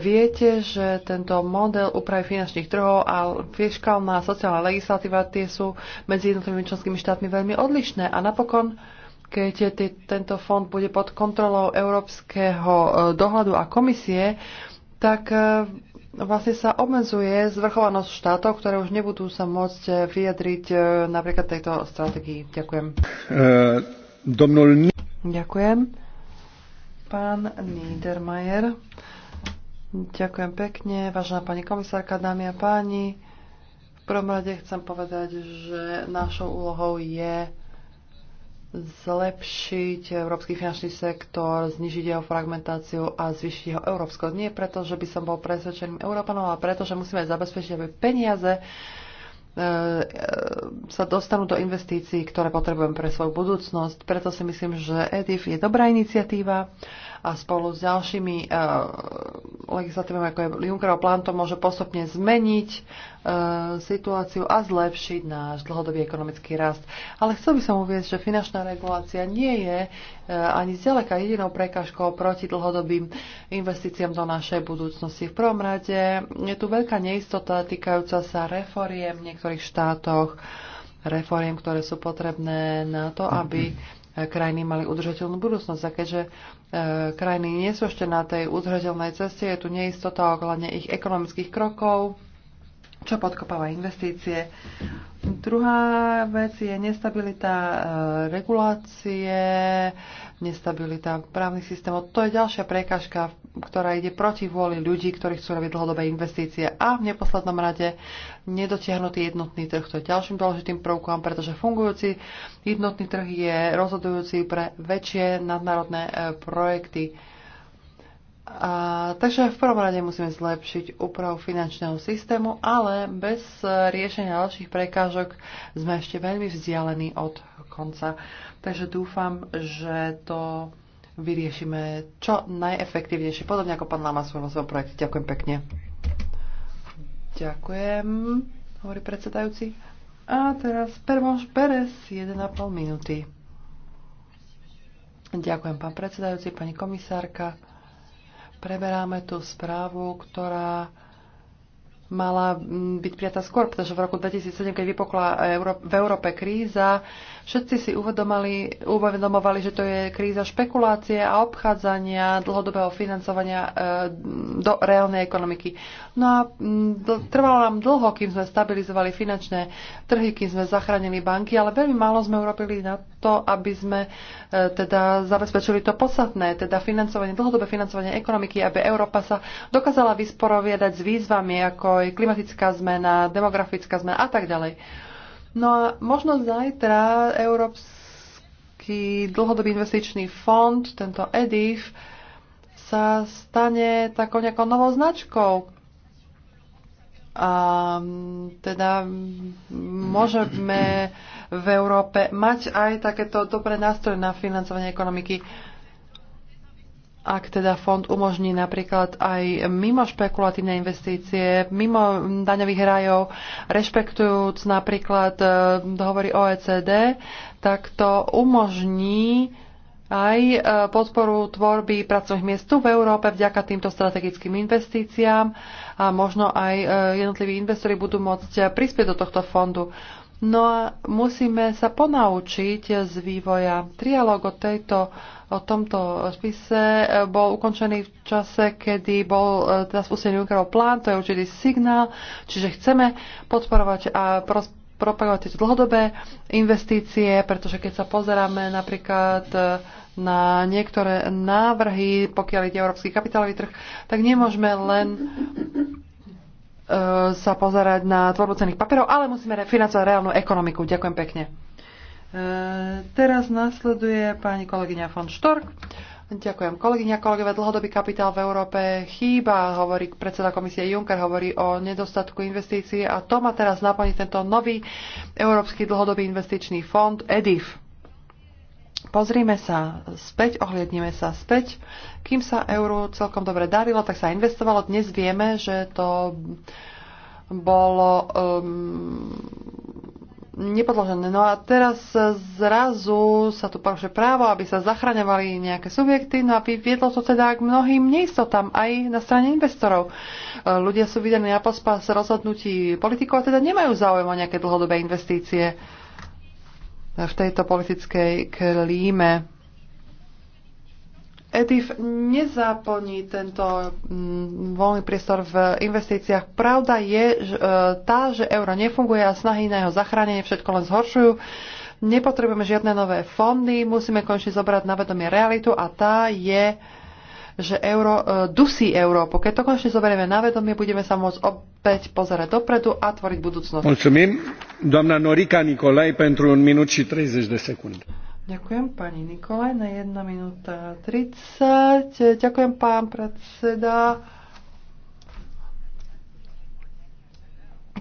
Viete, že tento model úpravy finančných trhov a fiskálna sociálna legislatíva tie sú medzi jednotlivými členskými štátmi veľmi odlišné a napokon keď te, tento fond bude pod kontrolou európskeho e, dohľadu a komisie, tak e, vlastne sa obmedzuje zvrchovanosť štátov, ktoré už nebudú sa môcť e, vyjadriť napríklad tejto strategii. Ďakujem. Uh, Ďakujem. Pán Niedermayer. Ďakujem pekne, vážená pani komisárka, dámy a páni. V prvom rade chcem povedať, že našou úlohou je zlepšiť európsky finančný sektor, znižiť jeho fragmentáciu a zvýšiť jeho európsko. Nie preto, že by som bol presvedčeným Európanom, ale preto, že musíme zabezpečiť, aby peniaze e, e, sa dostanú do investícií, ktoré potrebujem pre svoju budúcnosť. Preto si myslím, že EDIF je dobrá iniciatíva a spolu s ďalšími e, legislatívami, ako je Junckerov plán, to môže postupne zmeniť e, situáciu a zlepšiť náš dlhodobý ekonomický rast. Ale chcel by som uvieť, že finančná regulácia nie je e, ani zďaleka jedinou prekažkou proti dlhodobým investíciám do našej budúcnosti. V prvom rade je tu veľká neistota týkajúca sa reforiem v niektorých štátoch, reforiem, ktoré sú potrebné na to, aby E, krajiny mali udržateľnú budúcnosť. A keďže e, krajiny nie sú ešte na tej udržateľnej ceste, je tu neistota ohľadne ich ekonomických krokov, čo podkopáva investície. Druhá vec je nestabilita e, regulácie, nestabilita právnych systémov. To je ďalšia prekažka, ktorá ide proti vôli ľudí, ktorí chcú robiť dlhodobé investície. A v neposlednom rade nedotiahnutý jednotný trh. To je ďalším dôležitým prvkom, pretože fungujúci jednotný trh je rozhodujúci pre väčšie nadnárodné e, projekty a, takže v prvom rade musíme zlepšiť úpravu finančného systému, ale bez e, riešenia ďalších prekážok sme ešte veľmi vzdialení od konca. Takže dúfam, že to vyriešime čo najefektívnejšie, podobne ako pán Lamasur vo svojom projekte. Ďakujem pekne. Ďakujem, hovorí predsedajúci. A teraz Permoš Beres, 1,5 minúty. Ďakujem, pán predsedajúci, pani komisárka. Preberáme tú správu, ktorá mala mm, byť prijatá skôr, pretože v roku 2007, keď vypokla v Európe kríza, Všetci si uvedomali, uvedomovali, že to je kríza špekulácie a obchádzania dlhodobého financovania e, do reálnej ekonomiky. No a mm, trvalo nám dlho, kým sme stabilizovali finančné trhy, kým sme zachránili banky, ale veľmi málo sme urobili na to, aby sme e, teda zabezpečili to podstatné, teda financovanie, dlhodobé financovanie ekonomiky, aby Európa sa dokázala vysporiadať s výzvami, ako je klimatická zmena, demografická zmena a tak ďalej. No a možno zajtra Európsky dlhodobý investičný fond, tento EDIF, sa stane takou nejakou novou značkou. A teda môžeme v Európe mať aj takéto dobré nástroje na financovanie ekonomiky ak teda fond umožní napríklad aj mimo špekulatívne investície, mimo daňových rajov, rešpektujúc napríklad e, dohovory OECD, tak to umožní aj e, podporu tvorby pracovných miest tu v Európe vďaka týmto strategickým investíciám a možno aj e, jednotliví investori budú môcť prispieť do tohto fondu. No a musíme sa ponaučiť z vývoja. Trialóg o, tejto, o tomto spise bol ukončený v čase, kedy bol e, teda spustený Junckerov plán, to je určitý signál, čiže chceme podporovať a propagovať tieto dlhodobé investície, pretože keď sa pozeráme napríklad e, na niektoré návrhy, pokiaľ ide európsky kapitálový trh, tak nemôžeme len E, sa pozerať na tvorbu cených papierov, ale musíme financovať reálnu ekonomiku. Ďakujem pekne. E, teraz nasleduje pani kolegyňa von Štork. Ďakujem. Kolegyňa, kolegové, dlhodobý kapitál v Európe chýba, hovorí predseda komisie Juncker, hovorí o nedostatku investícií a to má teraz naplniť tento nový Európsky dlhodobý investičný fond EDIF Pozrime sa späť, ohliadnime sa späť. Kým sa euro celkom dobre darilo, tak sa investovalo. Dnes vieme, že to bolo um, nepodložené. No a teraz zrazu sa tu porušuje právo, aby sa zachraňovali nejaké subjekty, no a viedlo to teda k mnohým neistotám aj na strane investorov. Ľudia sú vydaní na pospas rozhodnutí politikov a teda nemajú záujem o nejaké dlhodobé investície v tejto politickej klíme. EDIF nezaplní tento mm, voľný priestor v investíciách. Pravda je že, e, tá, že euro nefunguje a snahy na jeho zachránenie všetko len zhoršujú. Nepotrebujeme žiadne nové fondy, musíme konečne zobrať na vedomie realitu a tá je že euro, e, dusí Európu. Keď to konečne zoberieme na vedomie, budeme sa môcť ob, pozerať dopredu a tvoriť budúcnosť. Doamna Norica Nicolai pentru 1 minut și 30 de secunde. Ďakujem pani Nikolaj na 1 minúta 30. Ďakujem pán predseda.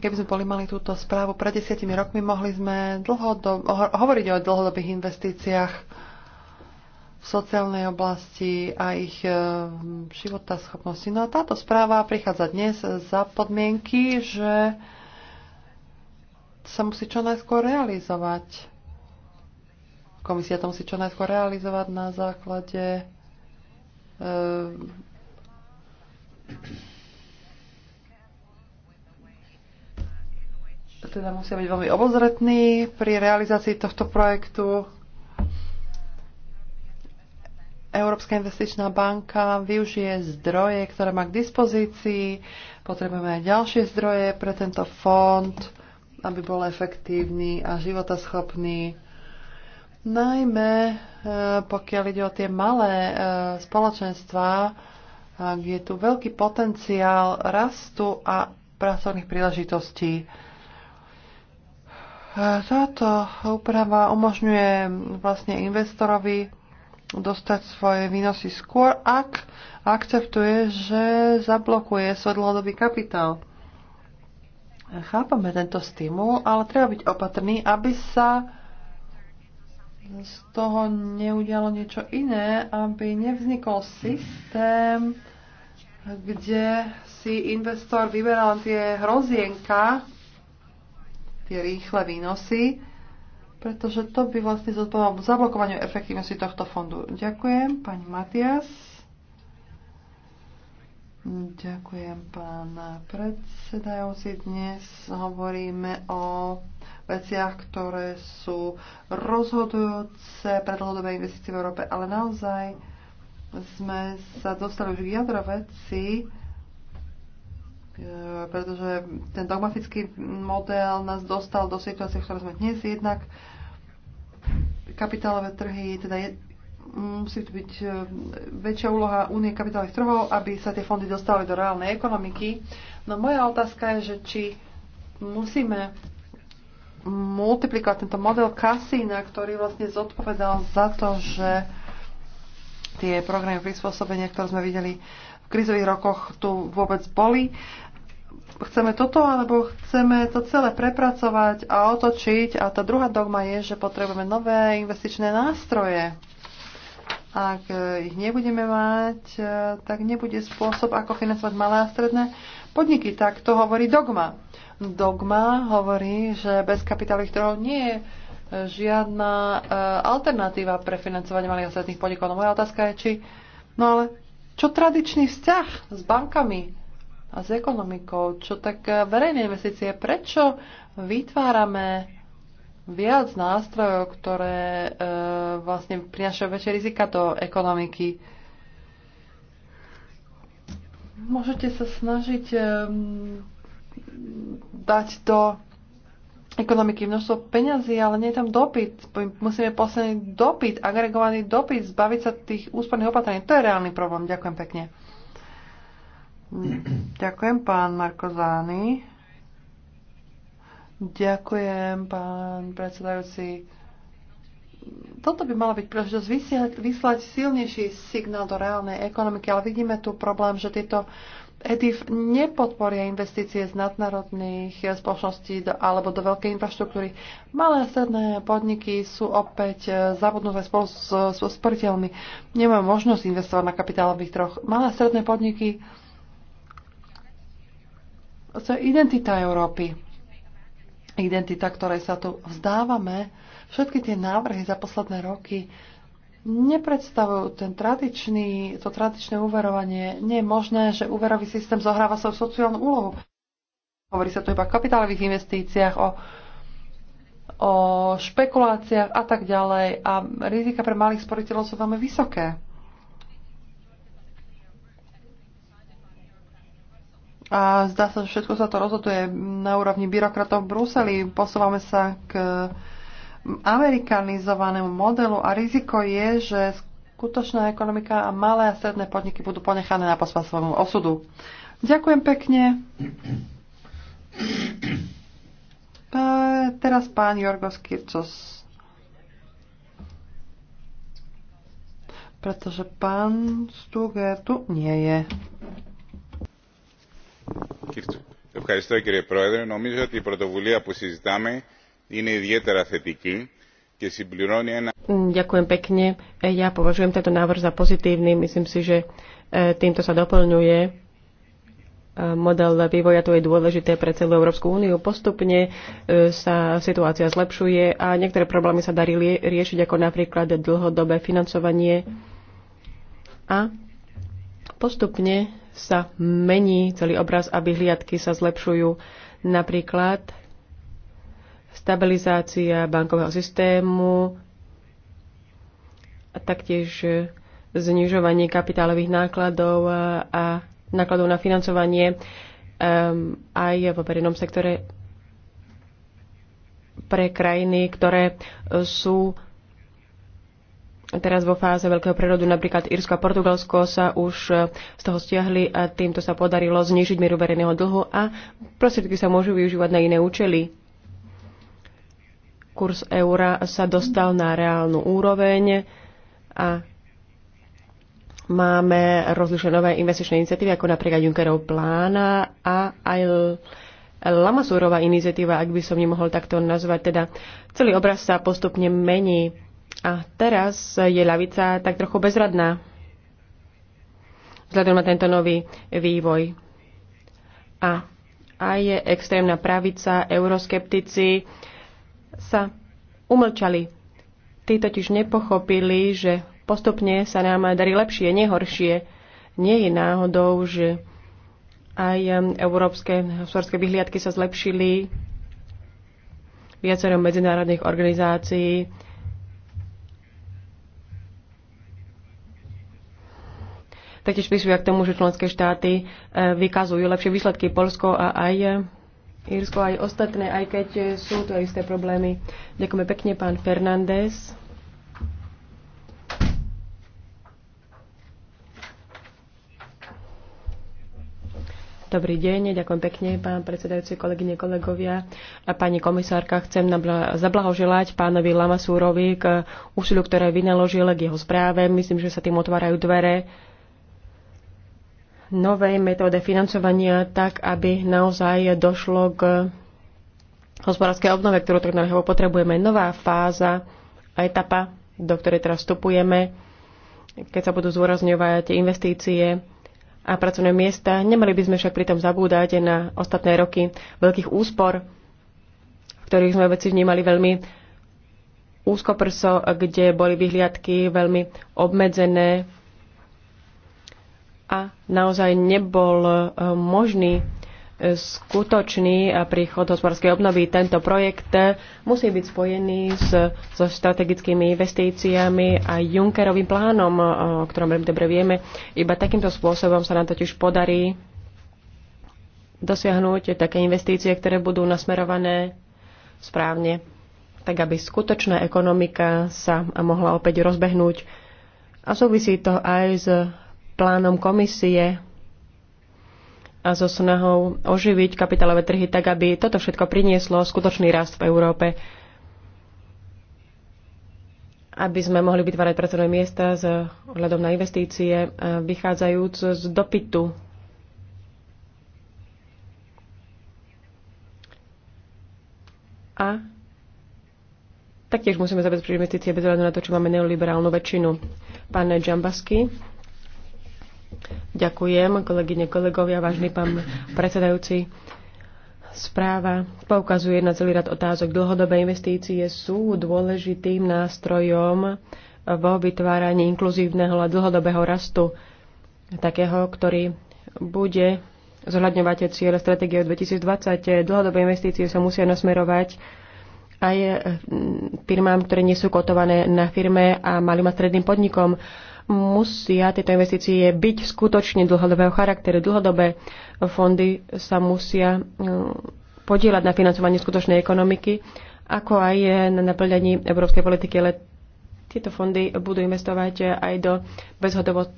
Keby sme boli mali túto správu pred desiatimi rokmi, mohli sme dlhodob- hovoriť o dlhodobých investíciách v sociálnej oblasti a ich e, života schopnosti. No a táto správa prichádza dnes za podmienky, že sa musí čo najskôr realizovať. Komisia to musí čo najskôr realizovať na základe e, teda musia byť veľmi obozretní pri realizácii tohto projektu. Európska investičná banka využije zdroje, ktoré má k dispozícii. Potrebujeme aj ďalšie zdroje pre tento fond, aby bol efektívny a životaschopný. Najmä e, pokiaľ ide o tie malé e, spoločenstvá, je tu veľký potenciál rastu a pracovných príležitostí. E, táto úprava umožňuje vlastne investorovi dostať svoje výnosy skôr, ak akceptuje, že zablokuje svoj dlhodobý kapitál. Chápame tento stimul, ale treba byť opatrný, aby sa z toho neudialo niečo iné, aby nevznikol systém, kde si investor vyberal tie hrozienka, tie rýchle výnosy, pretože to by vlastne zodpovedalo zablokovaniu efektivnosti tohto fondu. Ďakujem, pani Matias. Ďakujem, pán predsedajúci. Dnes hovoríme o veciach, ktoré sú rozhodujúce pre dlhodobé investície v Európe, ale naozaj sme sa dostali už k jadro veci, pretože ten dogmatický model nás dostal do situácie, v ktorej sme dnes jednak kapitálové trhy, teda je, musí tu byť e, väčšia úloha únie kapitálových trhov, aby sa tie fondy dostali do reálnej ekonomiky. No moja otázka je, že či musíme multiplikovať tento model kasína, ktorý vlastne zodpovedal za to, že tie programy prispôsobenia, ktoré sme videli v krizových rokoch, tu vôbec boli chceme toto, alebo chceme to celé prepracovať a otočiť. A tá druhá dogma je, že potrebujeme nové investičné nástroje. Ak e, ich nebudeme mať, e, tak nebude spôsob, ako financovať malé a stredné podniky. Tak to hovorí dogma. Dogma hovorí, že bez kapitálových trhov nie je e, žiadna alternatíva pre financovanie malých a stredných podnikov. No moja otázka je, či... No ale čo tradičný vzťah s bankami? a s ekonomikou. Čo tak e, verejné investície? Prečo vytvárame viac nástrojov, ktoré e, vlastne prinášajú väčšie rizika do ekonomiky? Môžete sa snažiť e, dať do ekonomiky množstvo peňazí, ale nie je tam dopyt. Musíme posledný dopyt, agregovaný dopyt, zbaviť sa tých úsporných opatrení. To je reálny problém. Ďakujem pekne. Ďakujem pán Marko Zány. Ďakujem pán predsedajúci. Toto by mala byť príležitosť vyslať silnejší signál do reálnej ekonomiky, ale vidíme tu problém, že tieto EDIF nepodporia investície z nadnárodných spoločností do, alebo do veľkej infraštruktúry. Malé a stredné podniky sú opäť e, zabudnuté spolu s, s sporiteľmi. Nemajú možnosť investovať na kapitálových troch. Malé a stredné podniky identita Európy. Identita, ktorej sa tu vzdávame. Všetky tie návrhy za posledné roky nepredstavujú ten tradičný, to tradičné úverovanie. Nie je možné, že úverový systém zohráva svoju sociálnu úlohu. Hovorí sa tu iba o kapitálových investíciách, o, o špekuláciách a tak ďalej. A rizika pre malých sporiteľov sú veľmi vysoké. A zdá sa, že všetko sa to rozhoduje na úrovni byrokratov v Bruseli. Posúvame sa k amerikanizovanému modelu a riziko je, že skutočná ekonomika a malé a stredné podniky budú ponechané na pospa svojmu osudu. Ďakujem pekne. Teraz pán Jorgos Kirčos. Pretože pán Stuger tu nie je κύριε πρόεδρε νομίζω ότι η πρωτοβουλία που συζητάμε είναι ιδιαίτερα θετική και συμπληρώνει ένα. Ďakujem pekne. Ja považujem tento návrh za pozitívny. Myslím si, že e, týmto sa doplňuje e, model vývoja. To je dôležité pre celú Európsku úniu. Postupne e, sa situácia zlepšuje a niektoré problémy sa darí riešiť, ako napríklad dlhodobé financovanie. A postupne sa mení celý obraz a vyhliadky sa zlepšujú. Napríklad stabilizácia bankového systému a taktiež znižovanie kapitálových nákladov a nákladov na financovanie um, aj v verejnom sektore pre krajiny, ktoré sú teraz vo fáze veľkého prerodu napríklad Írsko a Portugalsko sa už e, z toho stiahli a týmto sa podarilo znižiť mieru verejného dlhu a prostriedky sa môžu využívať na iné účely. Kurs eura sa dostal na reálnu úroveň a máme rozlišené nové investičné iniciatívy, ako napríklad Junckerov plána a aj Lamasúrová iniciatíva, ak by som nemohol takto nazvať. Teda celý obraz sa postupne mení a teraz je ľavica tak trochu bezradná vzhľadom na tento nový vývoj. A aj extrémna pravica, euroskeptici sa umlčali. Tí totiž nepochopili, že postupne sa nám darí lepšie, nehoršie. Nie je náhodou, že aj európske hospodárske vyhliadky sa zlepšili, viacerom medzinárodných organizácií Taktiež prispieva k tomu, že členské štáty e, vykazujú lepšie výsledky Polsko a aj e, Írsko, aj ostatné, aj keď e, sú to isté problémy. Ďakujeme pekne, pán Fernández. Dobrý deň, ďakujem pekne, pán predsedajúci, kolegyne, kolegovia a pani komisárka. Chcem zablahoželať pánovi Lamasúrovi k úsiliu, ktoré vynaložil k jeho správe. Myslím, že sa tým otvárajú dvere novej metóde financovania tak, aby naozaj došlo k hospodárskej obnove, ktorú tak naliehavo potrebujeme. Nová fáza a etapa, do ktorej teraz vstupujeme, keď sa budú zdôrazňovať investície a pracovné miesta. Nemali by sme však pritom zabúdať na ostatné roky veľkých úspor, v ktorých sme veci vnímali veľmi úzkoprso, kde boli vyhliadky veľmi obmedzené, a naozaj nebol e, možný e, skutočný e, príchod hospodárskej obnovy. Tento projekt musí byť spojený s, so strategickými investíciami a Junckerovým plánom, o ktorom veľmi dobre vieme. Iba takýmto spôsobom sa nám totiž podarí dosiahnuť také investície, ktoré budú nasmerované správne, tak aby skutočná ekonomika sa mohla opäť rozbehnúť. A súvisí to aj s plánom komisie a so snahou oživiť kapitálové trhy tak, aby toto všetko prinieslo skutočný rast v Európe aby sme mohli vytvárať pracovné miesta s ohľadom na investície, vychádzajúc z dopytu. A taktiež musíme zabezpečiť investície bez ohľadu na to, či máme neoliberálnu väčšinu. Pán Džambasky. Ďakujem, kolegyne, kolegovia, vážny pán predsedajúci. Správa poukazuje na celý rad otázok. Dlhodobé investície sú dôležitým nástrojom vo vytváraní inkluzívneho a dlhodobého rastu, takého, ktorý bude zohľadňovať cieľe stratégie 2020. Dlhodobé investície sa musia nasmerovať aj firmám, ktoré nie sú kotované na firme a malým a stredným podnikom musia tieto investície byť skutočne dlhodobého charakteru. Dlhodobé fondy sa musia um, podielať na financovanie skutočnej ekonomiky, ako aj na naplňaní európskej politiky, ale tieto fondy budú investovať aj do bezhotovo-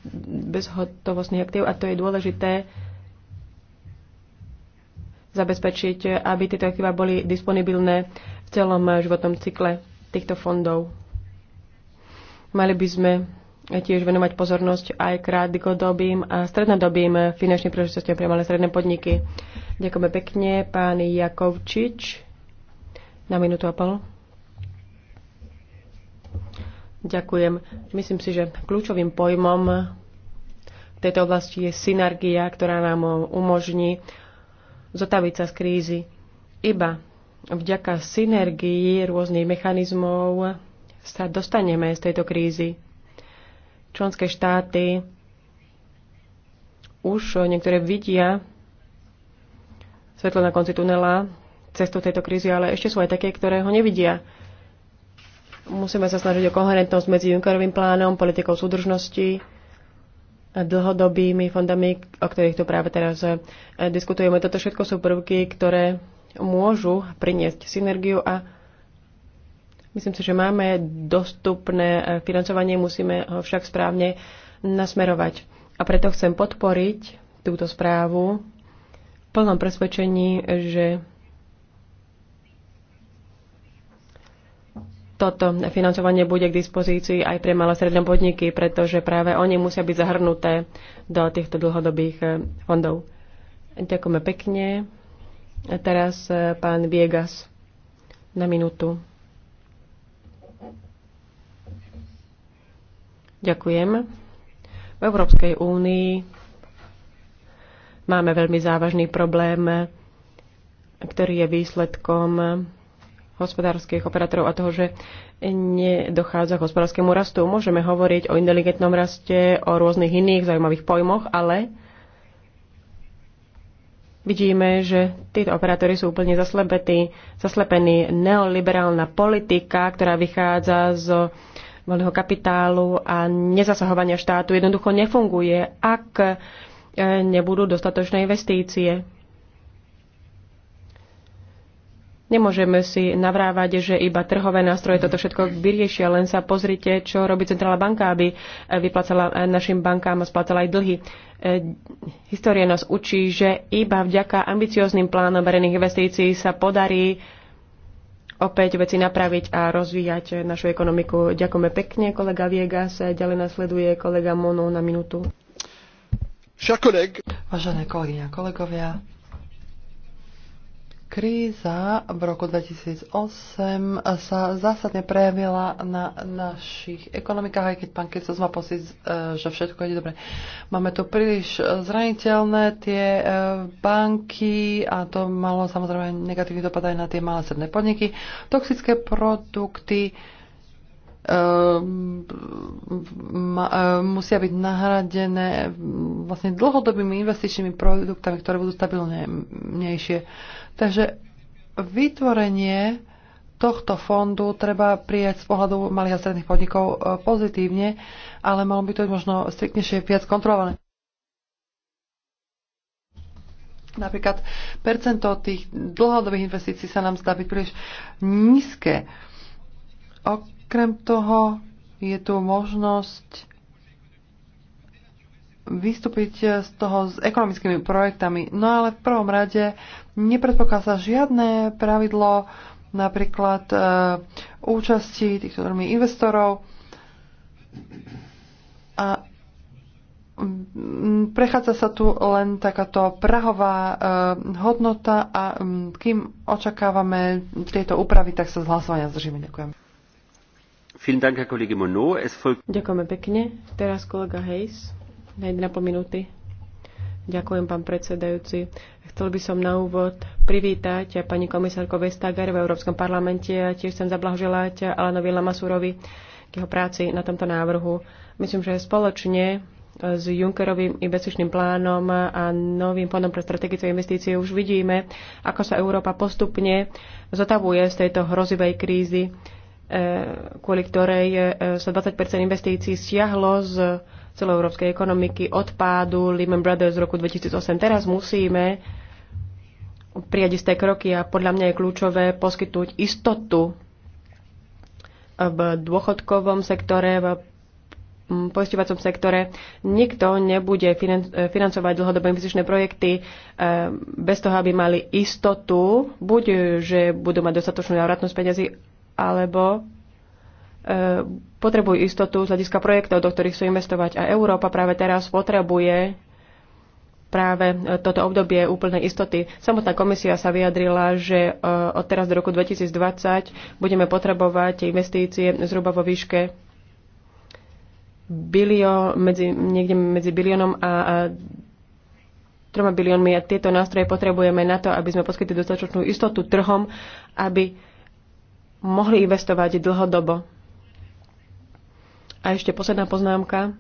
bezhotovostných aktív a to je dôležité zabezpečiť, aby tieto aktíva boli disponibilné v celom životnom cykle týchto fondov. Mali by sme tiež venovať pozornosť aj krátkodobým a strednodobým finančným príležitostiam pre malé stredné podniky. Ďakujeme pekne, pán Jakovčič, na minútu a pol. Ďakujem. Myslím si, že kľúčovým pojmom v tejto oblasti je synergia, ktorá nám umožní zotaviť sa z krízy. Iba vďaka synergii rôznych mechanizmov sa dostaneme z tejto krízy. Členské štáty už niektoré vidia svetlo na konci tunela cestou tejto krízy, ale ešte sú aj také, ktoré ho nevidia. Musíme sa snažiť o koherentnosť medzi Junckerovým plánom, politikou súdržnosti a dlhodobými fondami, o ktorých tu práve teraz eh, diskutujeme. Toto všetko sú prvky, ktoré môžu priniesť synergiu a Myslím si, že máme dostupné e, financovanie, musíme ho však správne nasmerovať. A preto chcem podporiť túto správu v plnom presvedčení, že toto financovanie bude k dispozícii aj pre malé stredné podniky, pretože práve oni musia byť zahrnuté do týchto dlhodobých e, fondov. Ďakujeme pekne. A teraz e, pán Viegas na minútu. Ďakujem. V Európskej únii máme veľmi závažný problém, ktorý je výsledkom hospodárskych operátorov a toho, že nedochádza k hospodárskému rastu. Môžeme hovoriť o inteligentnom raste, o rôznych iných zaujímavých pojmoch, ale vidíme, že títo operátori sú úplne zaslepení. Zaslepení neoliberálna politika, ktorá vychádza z voľného kapitálu a nezasahovania štátu jednoducho nefunguje, ak e, nebudú dostatočné investície. Nemôžeme si navrávať, že iba trhové nástroje toto všetko vyriešia, len sa pozrite, čo robí Centrálna banka, aby e, vyplacala e, našim bankám a splácala aj dlhy. História nás učí, že iba vďaka ambiciozným plánom verejných investícií sa podarí opäť veci napraviť a rozvíjať našu ekonomiku. Ďakujeme pekne, kolega sa Ďalej nasleduje kolega Mono na minútu. Vážené kolegyne a kolegovia, Kríza v roku 2008 sa zásadne prejavila na našich ekonomikách, aj keď pán Kircos má pocit, e, že všetko ide dobre. Máme tu príliš zraniteľné tie e, banky a to malo samozrejme negatívny dopad aj na tie malé sredné podniky, toxické produkty, Ehm, ehm, musia byť nahradené vlastne dlhodobými investičnými produktami, ktoré budú stabilnejšie. Takže vytvorenie tohto fondu treba prijať z pohľadu malých a stredných podnikov e, pozitívne, ale malo by to byť možno striktnejšie viac kontrolované. Napríklad percento tých dlhodobých investícií sa nám zdá byť príliš nízke. Ok, Krem toho je tu možnosť vystúpiť z toho s ekonomickými projektami. No ale v prvom rade nepredpokladá sa žiadne pravidlo napríklad e, účasti týchto investorov a prechádza sa tu len takáto prahová e, hodnota a kým očakávame tieto úpravy, tak sa z hlasovania zdržíme. Ďakujem. Ďakujeme pekne. Teraz kolega Hayes na 1,5 minúty. Ďakujem, pán predsedajúci. Chcel by som na úvod privítať pani komisárko Vestager v Európskom parlamente a tiež chcem zablahoželať Alanovi Lamasurovi k jeho práci na tomto návrhu. Myslím, že spoločne s Junckerovým investičným plánom a novým fondom pre strategické investície už vidíme, ako sa Európa postupne zotavuje z tejto hrozivej krízy E, kvôli ktorej e, sa 20 investícií stiahlo z celoeurópskej ekonomiky od pádu Lehman Brothers z roku 2008. Teraz musíme prijať isté kroky a podľa mňa je kľúčové poskytnúť istotu v dôchodkovom sektore, v poisťovacom sektore. Nikto nebude e, financovať dlhodobé investičné projekty bez toho, aby mali istotu, buď že budú mať dostatočnú návratnosť peniazy, alebo e, potrebujú istotu z hľadiska projektov, do ktorých sú investovať. A Európa práve teraz potrebuje práve e, toto obdobie úplnej istoty. Samotná komisia sa vyjadrila, že e, od teraz do roku 2020 budeme potrebovať investície zhruba vo výške bilio, medzi, niekde medzi biliónom a, a troma biliónmi a tieto nástroje potrebujeme na to, aby sme poskytli dostatočnú istotu trhom, aby mohli investovať dlhodobo. A ešte posledná poznámka.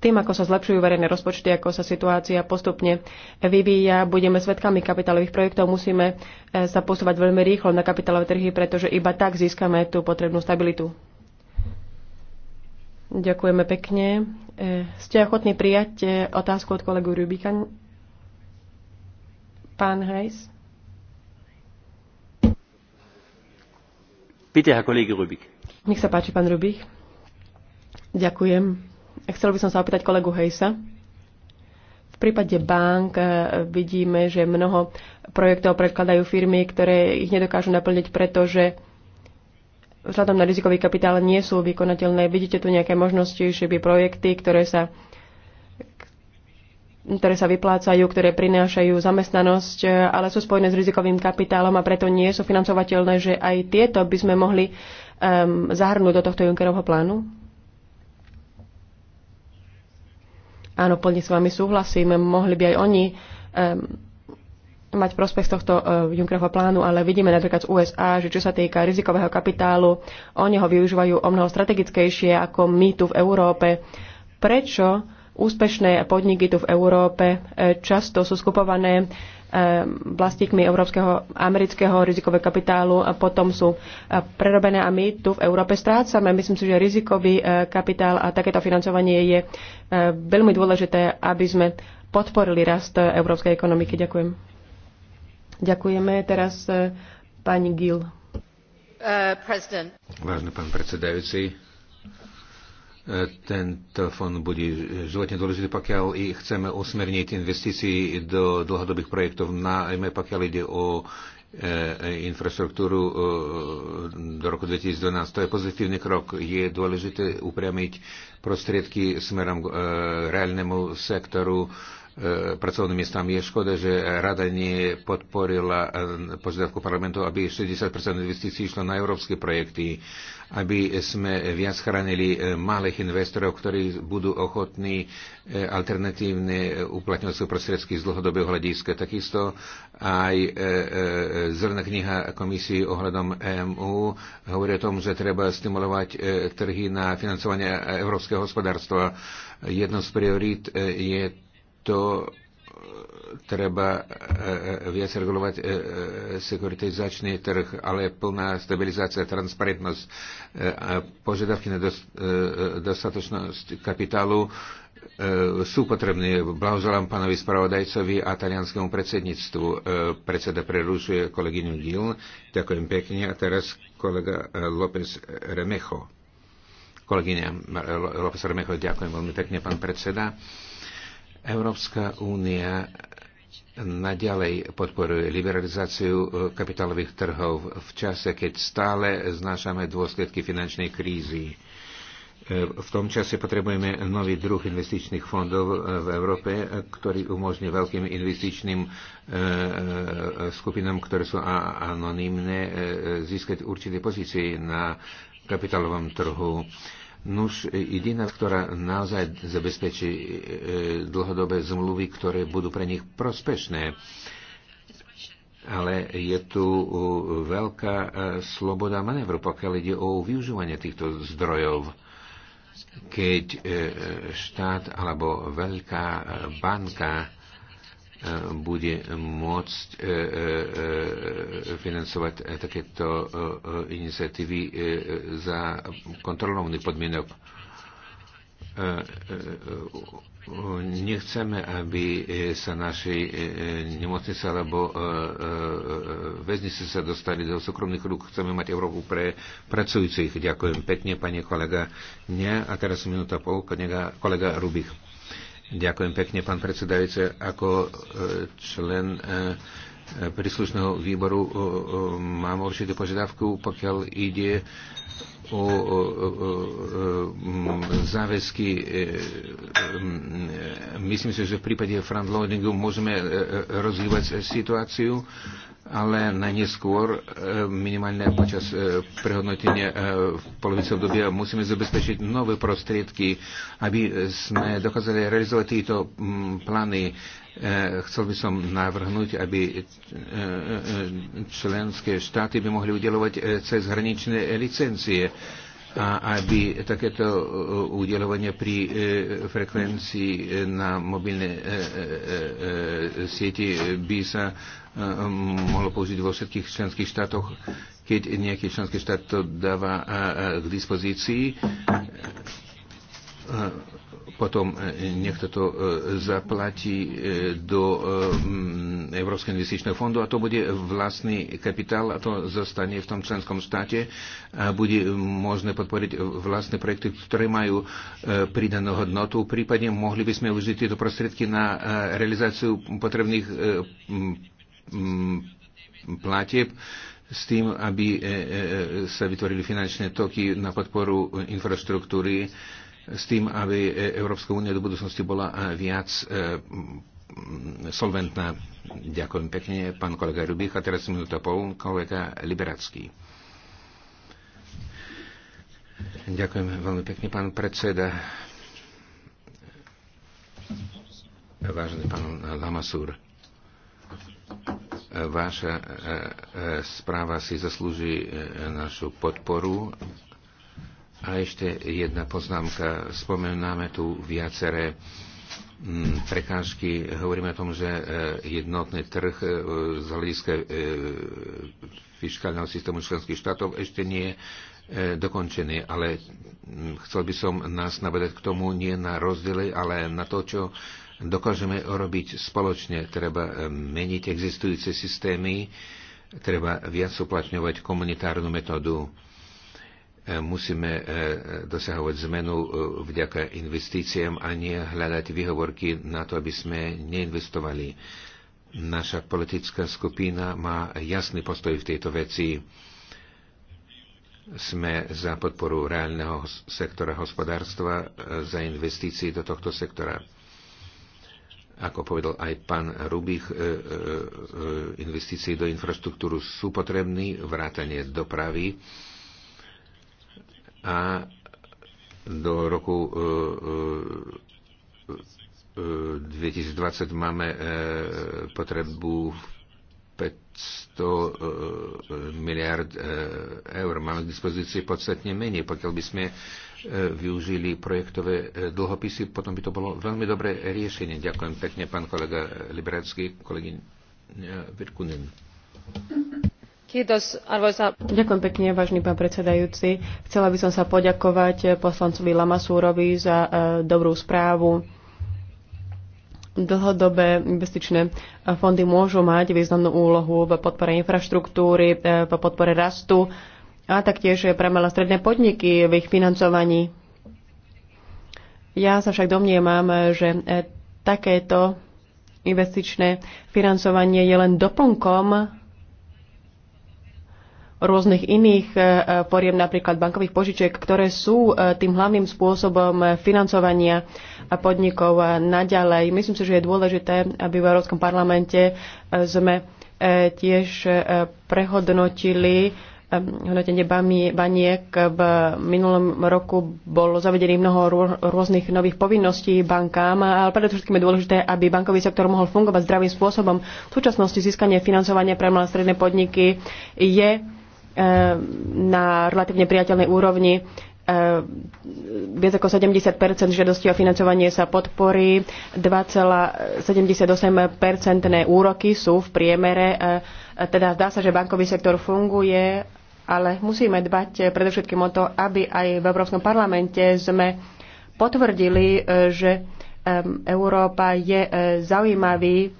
Tým, ako sa zlepšujú verejné rozpočty, ako sa situácia postupne vyvíja, budeme svetkami kapitálových projektov, musíme e, sa posúvať veľmi rýchlo na kapitálové trhy, pretože iba tak získame tú potrebnú stabilitu. Ďakujeme pekne. E, ste ochotní prijať e, otázku od kolegu Rubika? Pán Hajs? Bitte, Herr Rubik. Nech sa páči, pán Rubik. Ďakujem. Chcel by som sa opýtať kolegu Hejsa. V prípade bank eh, vidíme, že mnoho projektov predkladajú firmy, ktoré ich nedokážu naplniť, pretože vzhľadom na rizikový kapitál nie sú vykonateľné. Vidíte tu nejaké možnosti, že by projekty, ktoré sa ktoré sa vyplácajú, ktoré prinášajú zamestnanosť, e, ale sú spojené s rizikovým kapitálom a preto nie sú financovateľné, že aj tieto by sme mohli um, zahrnúť do tohto Junckerovho plánu? Áno, plne s vami súhlasím. Mohli by aj oni um, mať prospech z tohto uh, Junckerovho plánu, ale vidíme napríklad z USA, že čo sa týka rizikového kapitálu, oni ho využívajú o mnoho strategickejšie ako my tu v Európe. Prečo? Úspešné podniky tu v Európe e, často sú skupované e, vlastníkmi európskeho, amerického rizikového kapitálu a potom sú e, prerobené a my tu v Európe strácame. Myslím si, že rizikový kapitál a takéto financovanie je veľmi dôležité, aby sme podporili rast európskej ekonomiky. Ďakujem. Ďakujeme. Teraz pani Gil. Uh, Vážne pán predsedajúci, tento fond bude životne dôležitý, pokiaľ i chceme usmerniť investícii do dlhodobých projektov, najmä pokiaľ ide o e, infraštruktúru e, do roku 2012. To je pozitívny krok. Je dôležité upriamiť prostriedky smerom k e, reálnemu sektoru pracovným miestam. Je škoda, že rada nie podporila požiadavku parlamentu, aby 60 investícií išlo na európske projekty aby sme viac chránili e, malých investorov, ktorí budú ochotní e, alternatívne e, uplatňovať svoje prostriedky z dlhodobého hľadiska. Takisto aj zrna kniha komisii ohľadom EMU hovorí o tom, že treba stimulovať trhy na financovanie európskeho hospodárstva. Jednou z priorít je to treba e, e, e, viac regulovať sekuritizačný trh, ale plná stabilizácia, transparentnosť, požiadavky na dostatočnosť kapitálu sú potrebné. Blahoželám pánovi spravodajcovi a talianskému predsedníctvu. Predseda prerušuje kolegyňu Gil. Ďakujem pekne. A teraz kolega López Remecho. Kolegyňa López Remecho, ďakujem veľmi pekne, pán predseda. Európska únia naďalej podporuje liberalizáciu e, kapitálových trhov v čase, keď stále znášame dôsledky finančnej krízy. E, v tom čase potrebujeme nový druh investičných fondov e, v Európe, ktorý umožní veľkým investičným skupinám, ktoré sú anonimné, získať určité pozície na kapitálovom trhu. Nuž jediná, ktorá naozaj zabezpečí e, dlhodobé zmluvy, ktoré budú pre nich prospešné. Ale je tu e, veľká e, sloboda manévru, pokiaľ ide o využívanie týchto zdrojov. Keď štát alebo veľká banka bude môcť e, e, e, financovať takéto iniciatívy za kontrolovaných podmienok. Nechceme, aby sa naši nemocnice alebo väznice sa dostali do súkromných rúk. Chceme mať Európu pre pracujúcich. Ďakujem pekne, pani kolega. Nie. A teraz minúta pol, kolega Rubich. Ďakujem pekne, pán predsedajúce. Ako e, člen e, príslušného výboru e, mám určitú požiadavku, pokiaľ ide o záväzky. E, e, myslím si, že v prípade frontloadingu môžeme e, rozhývať situáciu, ale najneskôr minimálne počas prehodnotenia v polovici obdobia musíme zabezpečiť nové prostriedky, aby sme dokázali realizovať tieto plány. Chcel by som navrhnúť, aby členské štáty by mohli udelovať cez hraničné licencie a aby takéto e, udelovanie pri e, frekvencii e, na mobilné siete by sa mohlo použiť vo všetkých členských štátoch, keď nejaký členský štát to dáva k dispozícii potom e, niekto to e, zaplatí e, do Európskeho investičného fondu a to bude vlastný kapitál a to zostane v tom členskom štáte a bude možné podporiť vlastné projekty, ktoré majú pridanú hodnotu. Prípadne mohli by sme užiť tieto prostriedky na realizáciu potrebných platieb s tým, aby sa vytvorili finančné toky na podporu infraštruktúry s tým, aby e- Európska únia do budúcnosti bola e, viac e, solventná. Ďakujem pekne, pán kolega Rubich. A teraz minúta pol, kolega Liberacký. Ďakujem veľmi pekne, pán predseda. Vážený pán Lamasúr, vaša správa si zaslúži našu podporu a ešte jedna poznámka. Spomenáme tu viaceré mm, prekážky. Hovoríme o tom, že e, jednotný trh e, z hľadiska e, fiskálneho systému členských štátov ešte nie je dokončený, ale mm, chcel by som nás navedať k tomu nie na rozdiely, ale na to, čo dokážeme robiť spoločne. Treba meniť existujúce systémy, treba viac uplatňovať komunitárnu metódu E, musíme e, dosahovať zmenu e, vďaka investíciám a nie hľadať výhovorky na to, aby sme neinvestovali. Naša politická skupina má jasný postoj v tejto veci. Sme za podporu reálneho sektora hospodárstva, za investícií do tohto sektora. Ako povedal aj pán Rubich, investície do infraštruktúru sú potrebné, vrátanie dopravy a do roku e, e, 2020 e, máme e, potrebu 500 e, miliard e, eur. Máme k dispozícii podstatne menej. Pokiaľ by sme e, využili projektové e, dlhopisy, potom by to bolo veľmi dobré riešenie. Ďakujem pekne, pán kolega Liberácky, kolegyňa Virkunen. Ďakujem pekne, pán predsedajúci. Chcela by som sa poďakovať poslancovi Lamassúrovi za e, dobrú správu. Dlhodobé investičné e, fondy môžu mať významnú úlohu v podpore infraštruktúry, e, v podpore rastu a taktiež pre malé stredné podniky v ich financovaní. Ja sa však domnievam, že takéto investičné financovanie je len doplnkom rôznych iných e, e, poriem, napríklad bankových požičiek, ktoré sú e, tým hlavným spôsobom financovania podnikov naďalej. Myslím si, že je dôležité, aby v Európskom parlamente sme tiež prehodnotili hodnotenie baniek. V minulom roku bolo zavedených mnoho rôznych nových povinností bankám, ale predovšetkým je dôležité, aby bankový sektor mohol fungovať zdravým spôsobom. V súčasnosti získanie financovania pre malé stredné podniky je na relatívne priateľnej úrovni. E, viac ako 70 žiadosti o financovanie sa podporí, 2,78 úroky sú v priemere. E, teda zdá sa, že bankový sektor funguje, ale musíme dbať predovšetkým o to, aby aj v Európskom parlamente sme potvrdili, e, že Európa je zaujímavý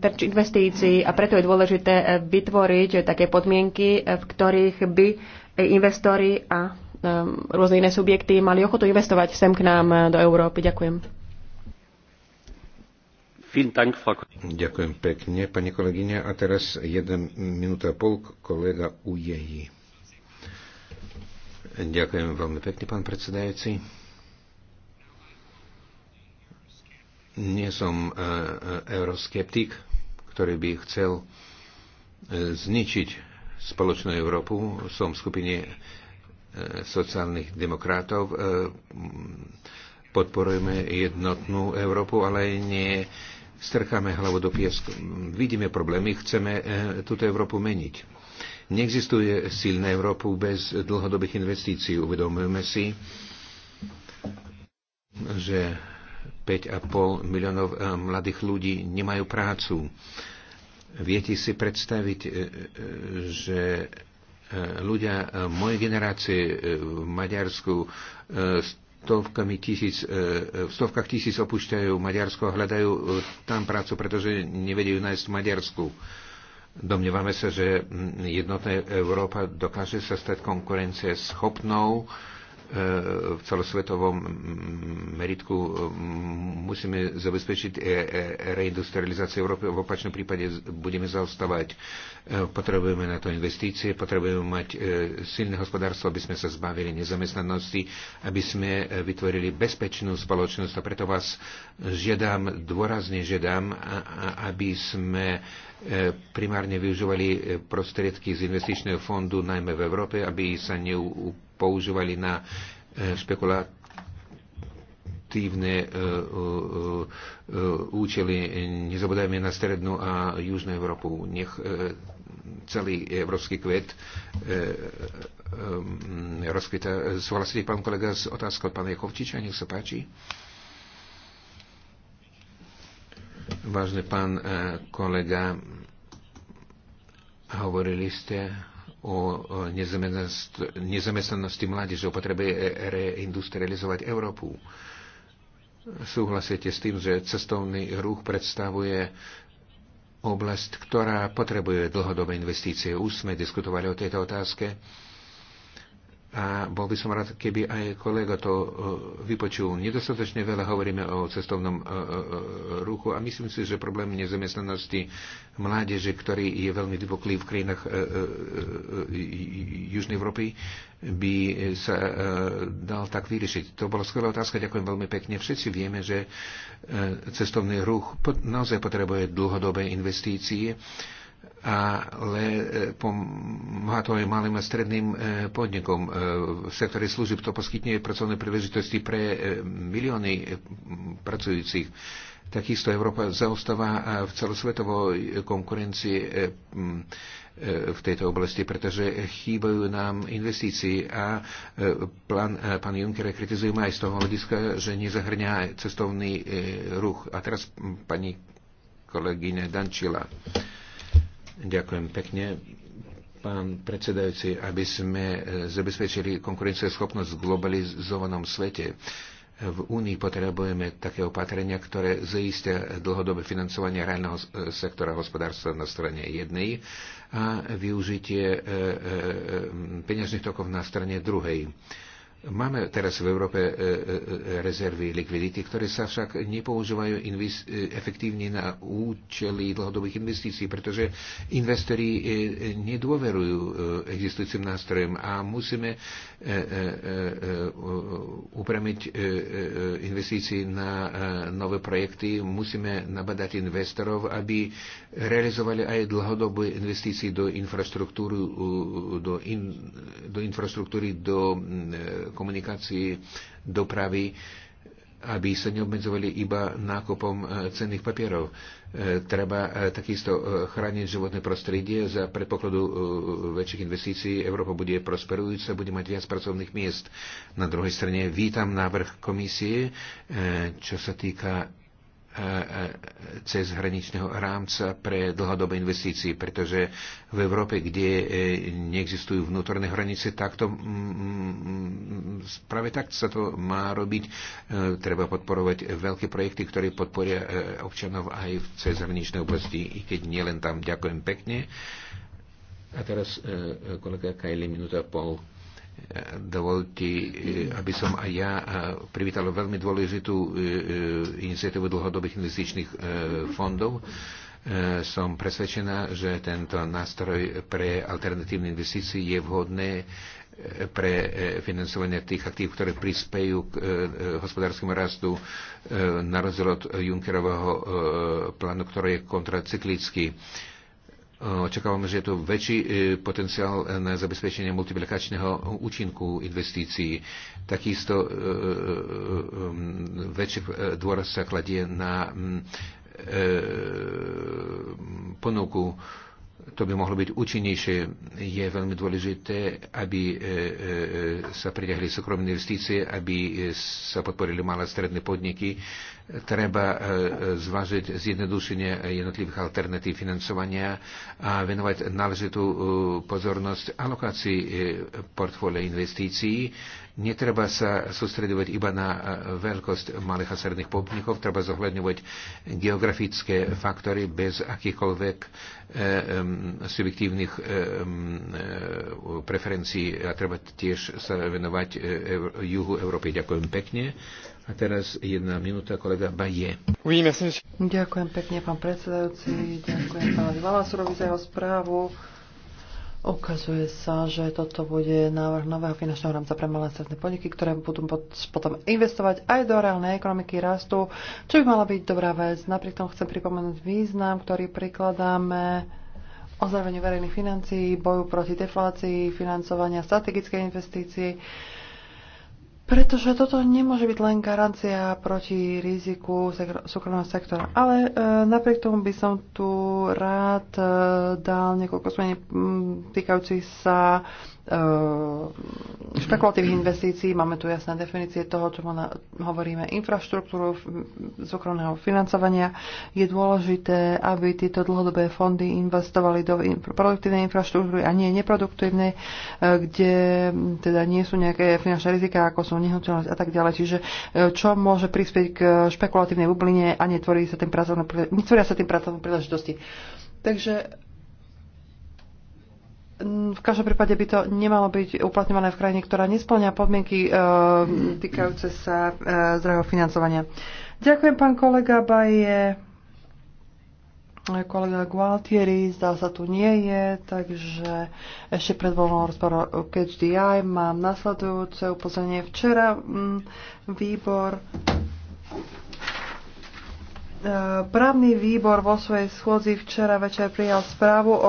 terč investícií a preto je dôležité eh, vytvoriť také podmienky, eh, v ktorých by eh, investori a rôzne iné subjekty mali ochotu investovať sem k nám do Európy. Ďakujem. Ďakujem pekne, pani kolegyňa. A teraz jeden minúta a pol kolega Ujehy. Ďakujem veľmi pekne, pán predsedajúci. Nie som e, e, euroskeptik, ktorý by chcel e, zničiť spoločnú Európu. Som v skupine sociálnych demokratov. Podporujeme jednotnú Európu, ale nie strkáme hlavu do piesku. Vidíme problémy, chceme túto Európu meniť. Neexistuje silná Európu bez dlhodobých investícií. Uvedomujeme si, že 5,5 miliónov eh, mladých ľudí nemajú prácu. Viete si predstaviť, eh, eh, že ľudia mojej generácie v Maďarsku stovkami tisíc, v stovkách tisíc opúšťajú Maďarsko a hľadajú tam prácu, pretože nevedia nájsť v Maďarsku. Domnievame sa, že mm, jednotná Európa dokáže sa stať konkurencie schopnou E, v celosvetovom meritku musíme zabezpečiť e, e, reindustrializáciu Európy. V opačnom prípade budeme zaostávať. Potrebujeme na to investície, potrebujeme mať silné hospodárstvo, aby sme sa zbavili nezamestnanosti, aby sme vytvorili bezpečnú spoločnosť. A preto vás žiadam, dôrazne žiadam, aby sme primárne využívali prostriedky z investičného fondu, najmä v Európe, aby sa neupravili používali na e, špekulatívne e, e, účely. Nezabudajme na Strednú a Južnú Európu. Nech celý európsky kvet rozkvita. Súhlasíte, pán kolega, s otázkou pána Jakovčiča? Nech sa páči. Vážne pán kolega, hovorili ste o nezamestnanosti mládeže, o potrebe reindustrializovať Európu. Súhlasíte s tým, že cestovný ruch predstavuje oblasť, ktorá potrebuje dlhodobé investície. Už sme diskutovali o tejto otázke a bol by som rád, keby aj kolega to e, vypočul. Nedostatočne veľa hovoríme o cestovnom e, e, ruchu a myslím si, že problém nezamestnanosti mládeže, ktorý je veľmi vypoklý v krajinách Južnej Európy, by sa dal tak vyriešiť. To bola skvelá otázka, ďakujem veľmi pekne. Všetci vieme, že cestovný ruch naozaj potrebuje dlhodobé investície ale e, pomáha to aj malým a stredným e, podnikom. E, v sektore služieb to poskytne pracovné príležitosti pre milióny pracujúcich. Takisto Európa zaostáva v celosvetovej konkurencii v tejto oblasti, pretože chýbajú nám investícii a plán pán Juncker kritizuje aj z toho hľadiska, že nezahrňa cestovný ruch. A teraz pani kolegyne Dančila. Ďakujem pekne, pán predsedajúci, aby sme e, zabezpečili konkurencieschopnosť v globalizovanom svete. E, v Únii potrebujeme také opatrenia, ktoré zaistia dlhodobé financovanie reálneho e, sektora hospodárstva na strane jednej a využitie peňažných tokov na strane druhej Máme teraz v Európe e, e, e, rezervy likvidity, ktoré sa však nepoužívajú efektívne na účely dlhodobých investícií, pretože investori nedôverujú existujúcim nástrojom a musíme upremiť investície na nové projekty, musíme nabadať investorov, aby realizovali aj dlhodobé investície do infraštruktúry, do, in, do infraštruktúry, do komunikácii, dopravy, aby sa neobmedzovali iba nákupom e, cenných papierov. E, treba e, takisto chrániť životné prostredie. Za predpokladu väčších investícií Európa bude prosperujúca, bude mať viac pracovných miest. Na druhej strane vítam návrh komisie, čo sa týka E, e, cez hraničného rámca pre dlhodobé investície, pretože v Európe, kde e, neexistujú vnútorné hranice, tak to, práve tak sa to má robiť. Treba podporovať veľké projekty, ktoré podporia občanov aj v cez hraničnej oblasti, i keď nielen tam. Ďakujem pekne. A teraz kolega Kajli, minúta a pol. Dovolte, eh, aby som aj ja eh, privítal veľmi dôležitú eh, iniciatívu dlhodobých investičných fondov. Som presvedčená, že tento nástroj pre alternatívne investície je vhodné pre financovanie tých aktív, ktoré prispejú k hospodárskému rastu na rozdiel od Junckerového plánu, ktorý je kontracyklický. Eh, očakávame, že je tu väčší eh, potenciál eh, na zabezpečenie multiplikačného účinku investícií. Takisto väčší dôraz sa kladie na mm, ponuku to by mohlo byť účinnejšie. Je veľmi dôležité, aby sa priťahli súkromné investície, aby sa podporili malé stredné podniky, treba e, zvážiť zjednodušenie jednotlivých alternatív financovania a venovať náležitú e, pozornosť alokácii e, portfólia investícií. Netreba sa sústredovať iba na veľkosť malých a stredných podnikov, treba zohľadňovať geografické faktory bez akýchkoľvek subjektívnych preferencií a treba tiež sa venovať juhu Európy. Ďakujem pekne. A teraz jedna minúta, kolega Baje. Ďakujem pekne, pán predsedajúci. Ďakujem pánovi Valasurovi za jeho správu. Ukazuje sa, že toto bude návrh nového finančného rámca pre malé stredné podniky, ktoré budú potom investovať aj do reálnej ekonomiky rastu, čo by mala byť dobrá vec. Napriek tomu chcem pripomenúť význam, ktorý prikladáme ozdraveniu verejných financií, boju proti deflácii, financovania strategickej investícii pretože toto nemôže byť len garancia proti riziku súkromného sektora. Ale e, napriek tomu by som tu rád e, dal niekoľko zmení týkajúcich sa Ehm, špekulatívnych investícií. Máme tu jasné definície toho, čo hovoríme infraštruktúru súkromného financovania. Je dôležité, aby tieto dlhodobé fondy investovali do produktívnej infraštruktúry a nie neproduktívnej, eh, kde teda nie sú nejaké finančné riziká, ako sú nehnuteľnosť a tak ďalej. Čiže eh, čo môže prispieť k špekulatívnej bubline a netvorí sa tým pracovné, sa tým pracovné príležitosti. Takže Mm, v každom prípade by to nemalo byť uplatňované v krajine, ktorá nesplňa podmienky e, týkajúce sa e, zdravého financovania. Ďakujem, pán kolega Baje. Kolega Gualtieri, zdá sa, tu nie je, takže ešte pred voľnou rozporu KHDI mám nasledujúce upozornenie. Včera m, mm, výbor e, Právny výbor vo svojej schôdzi včera večer prijal správu o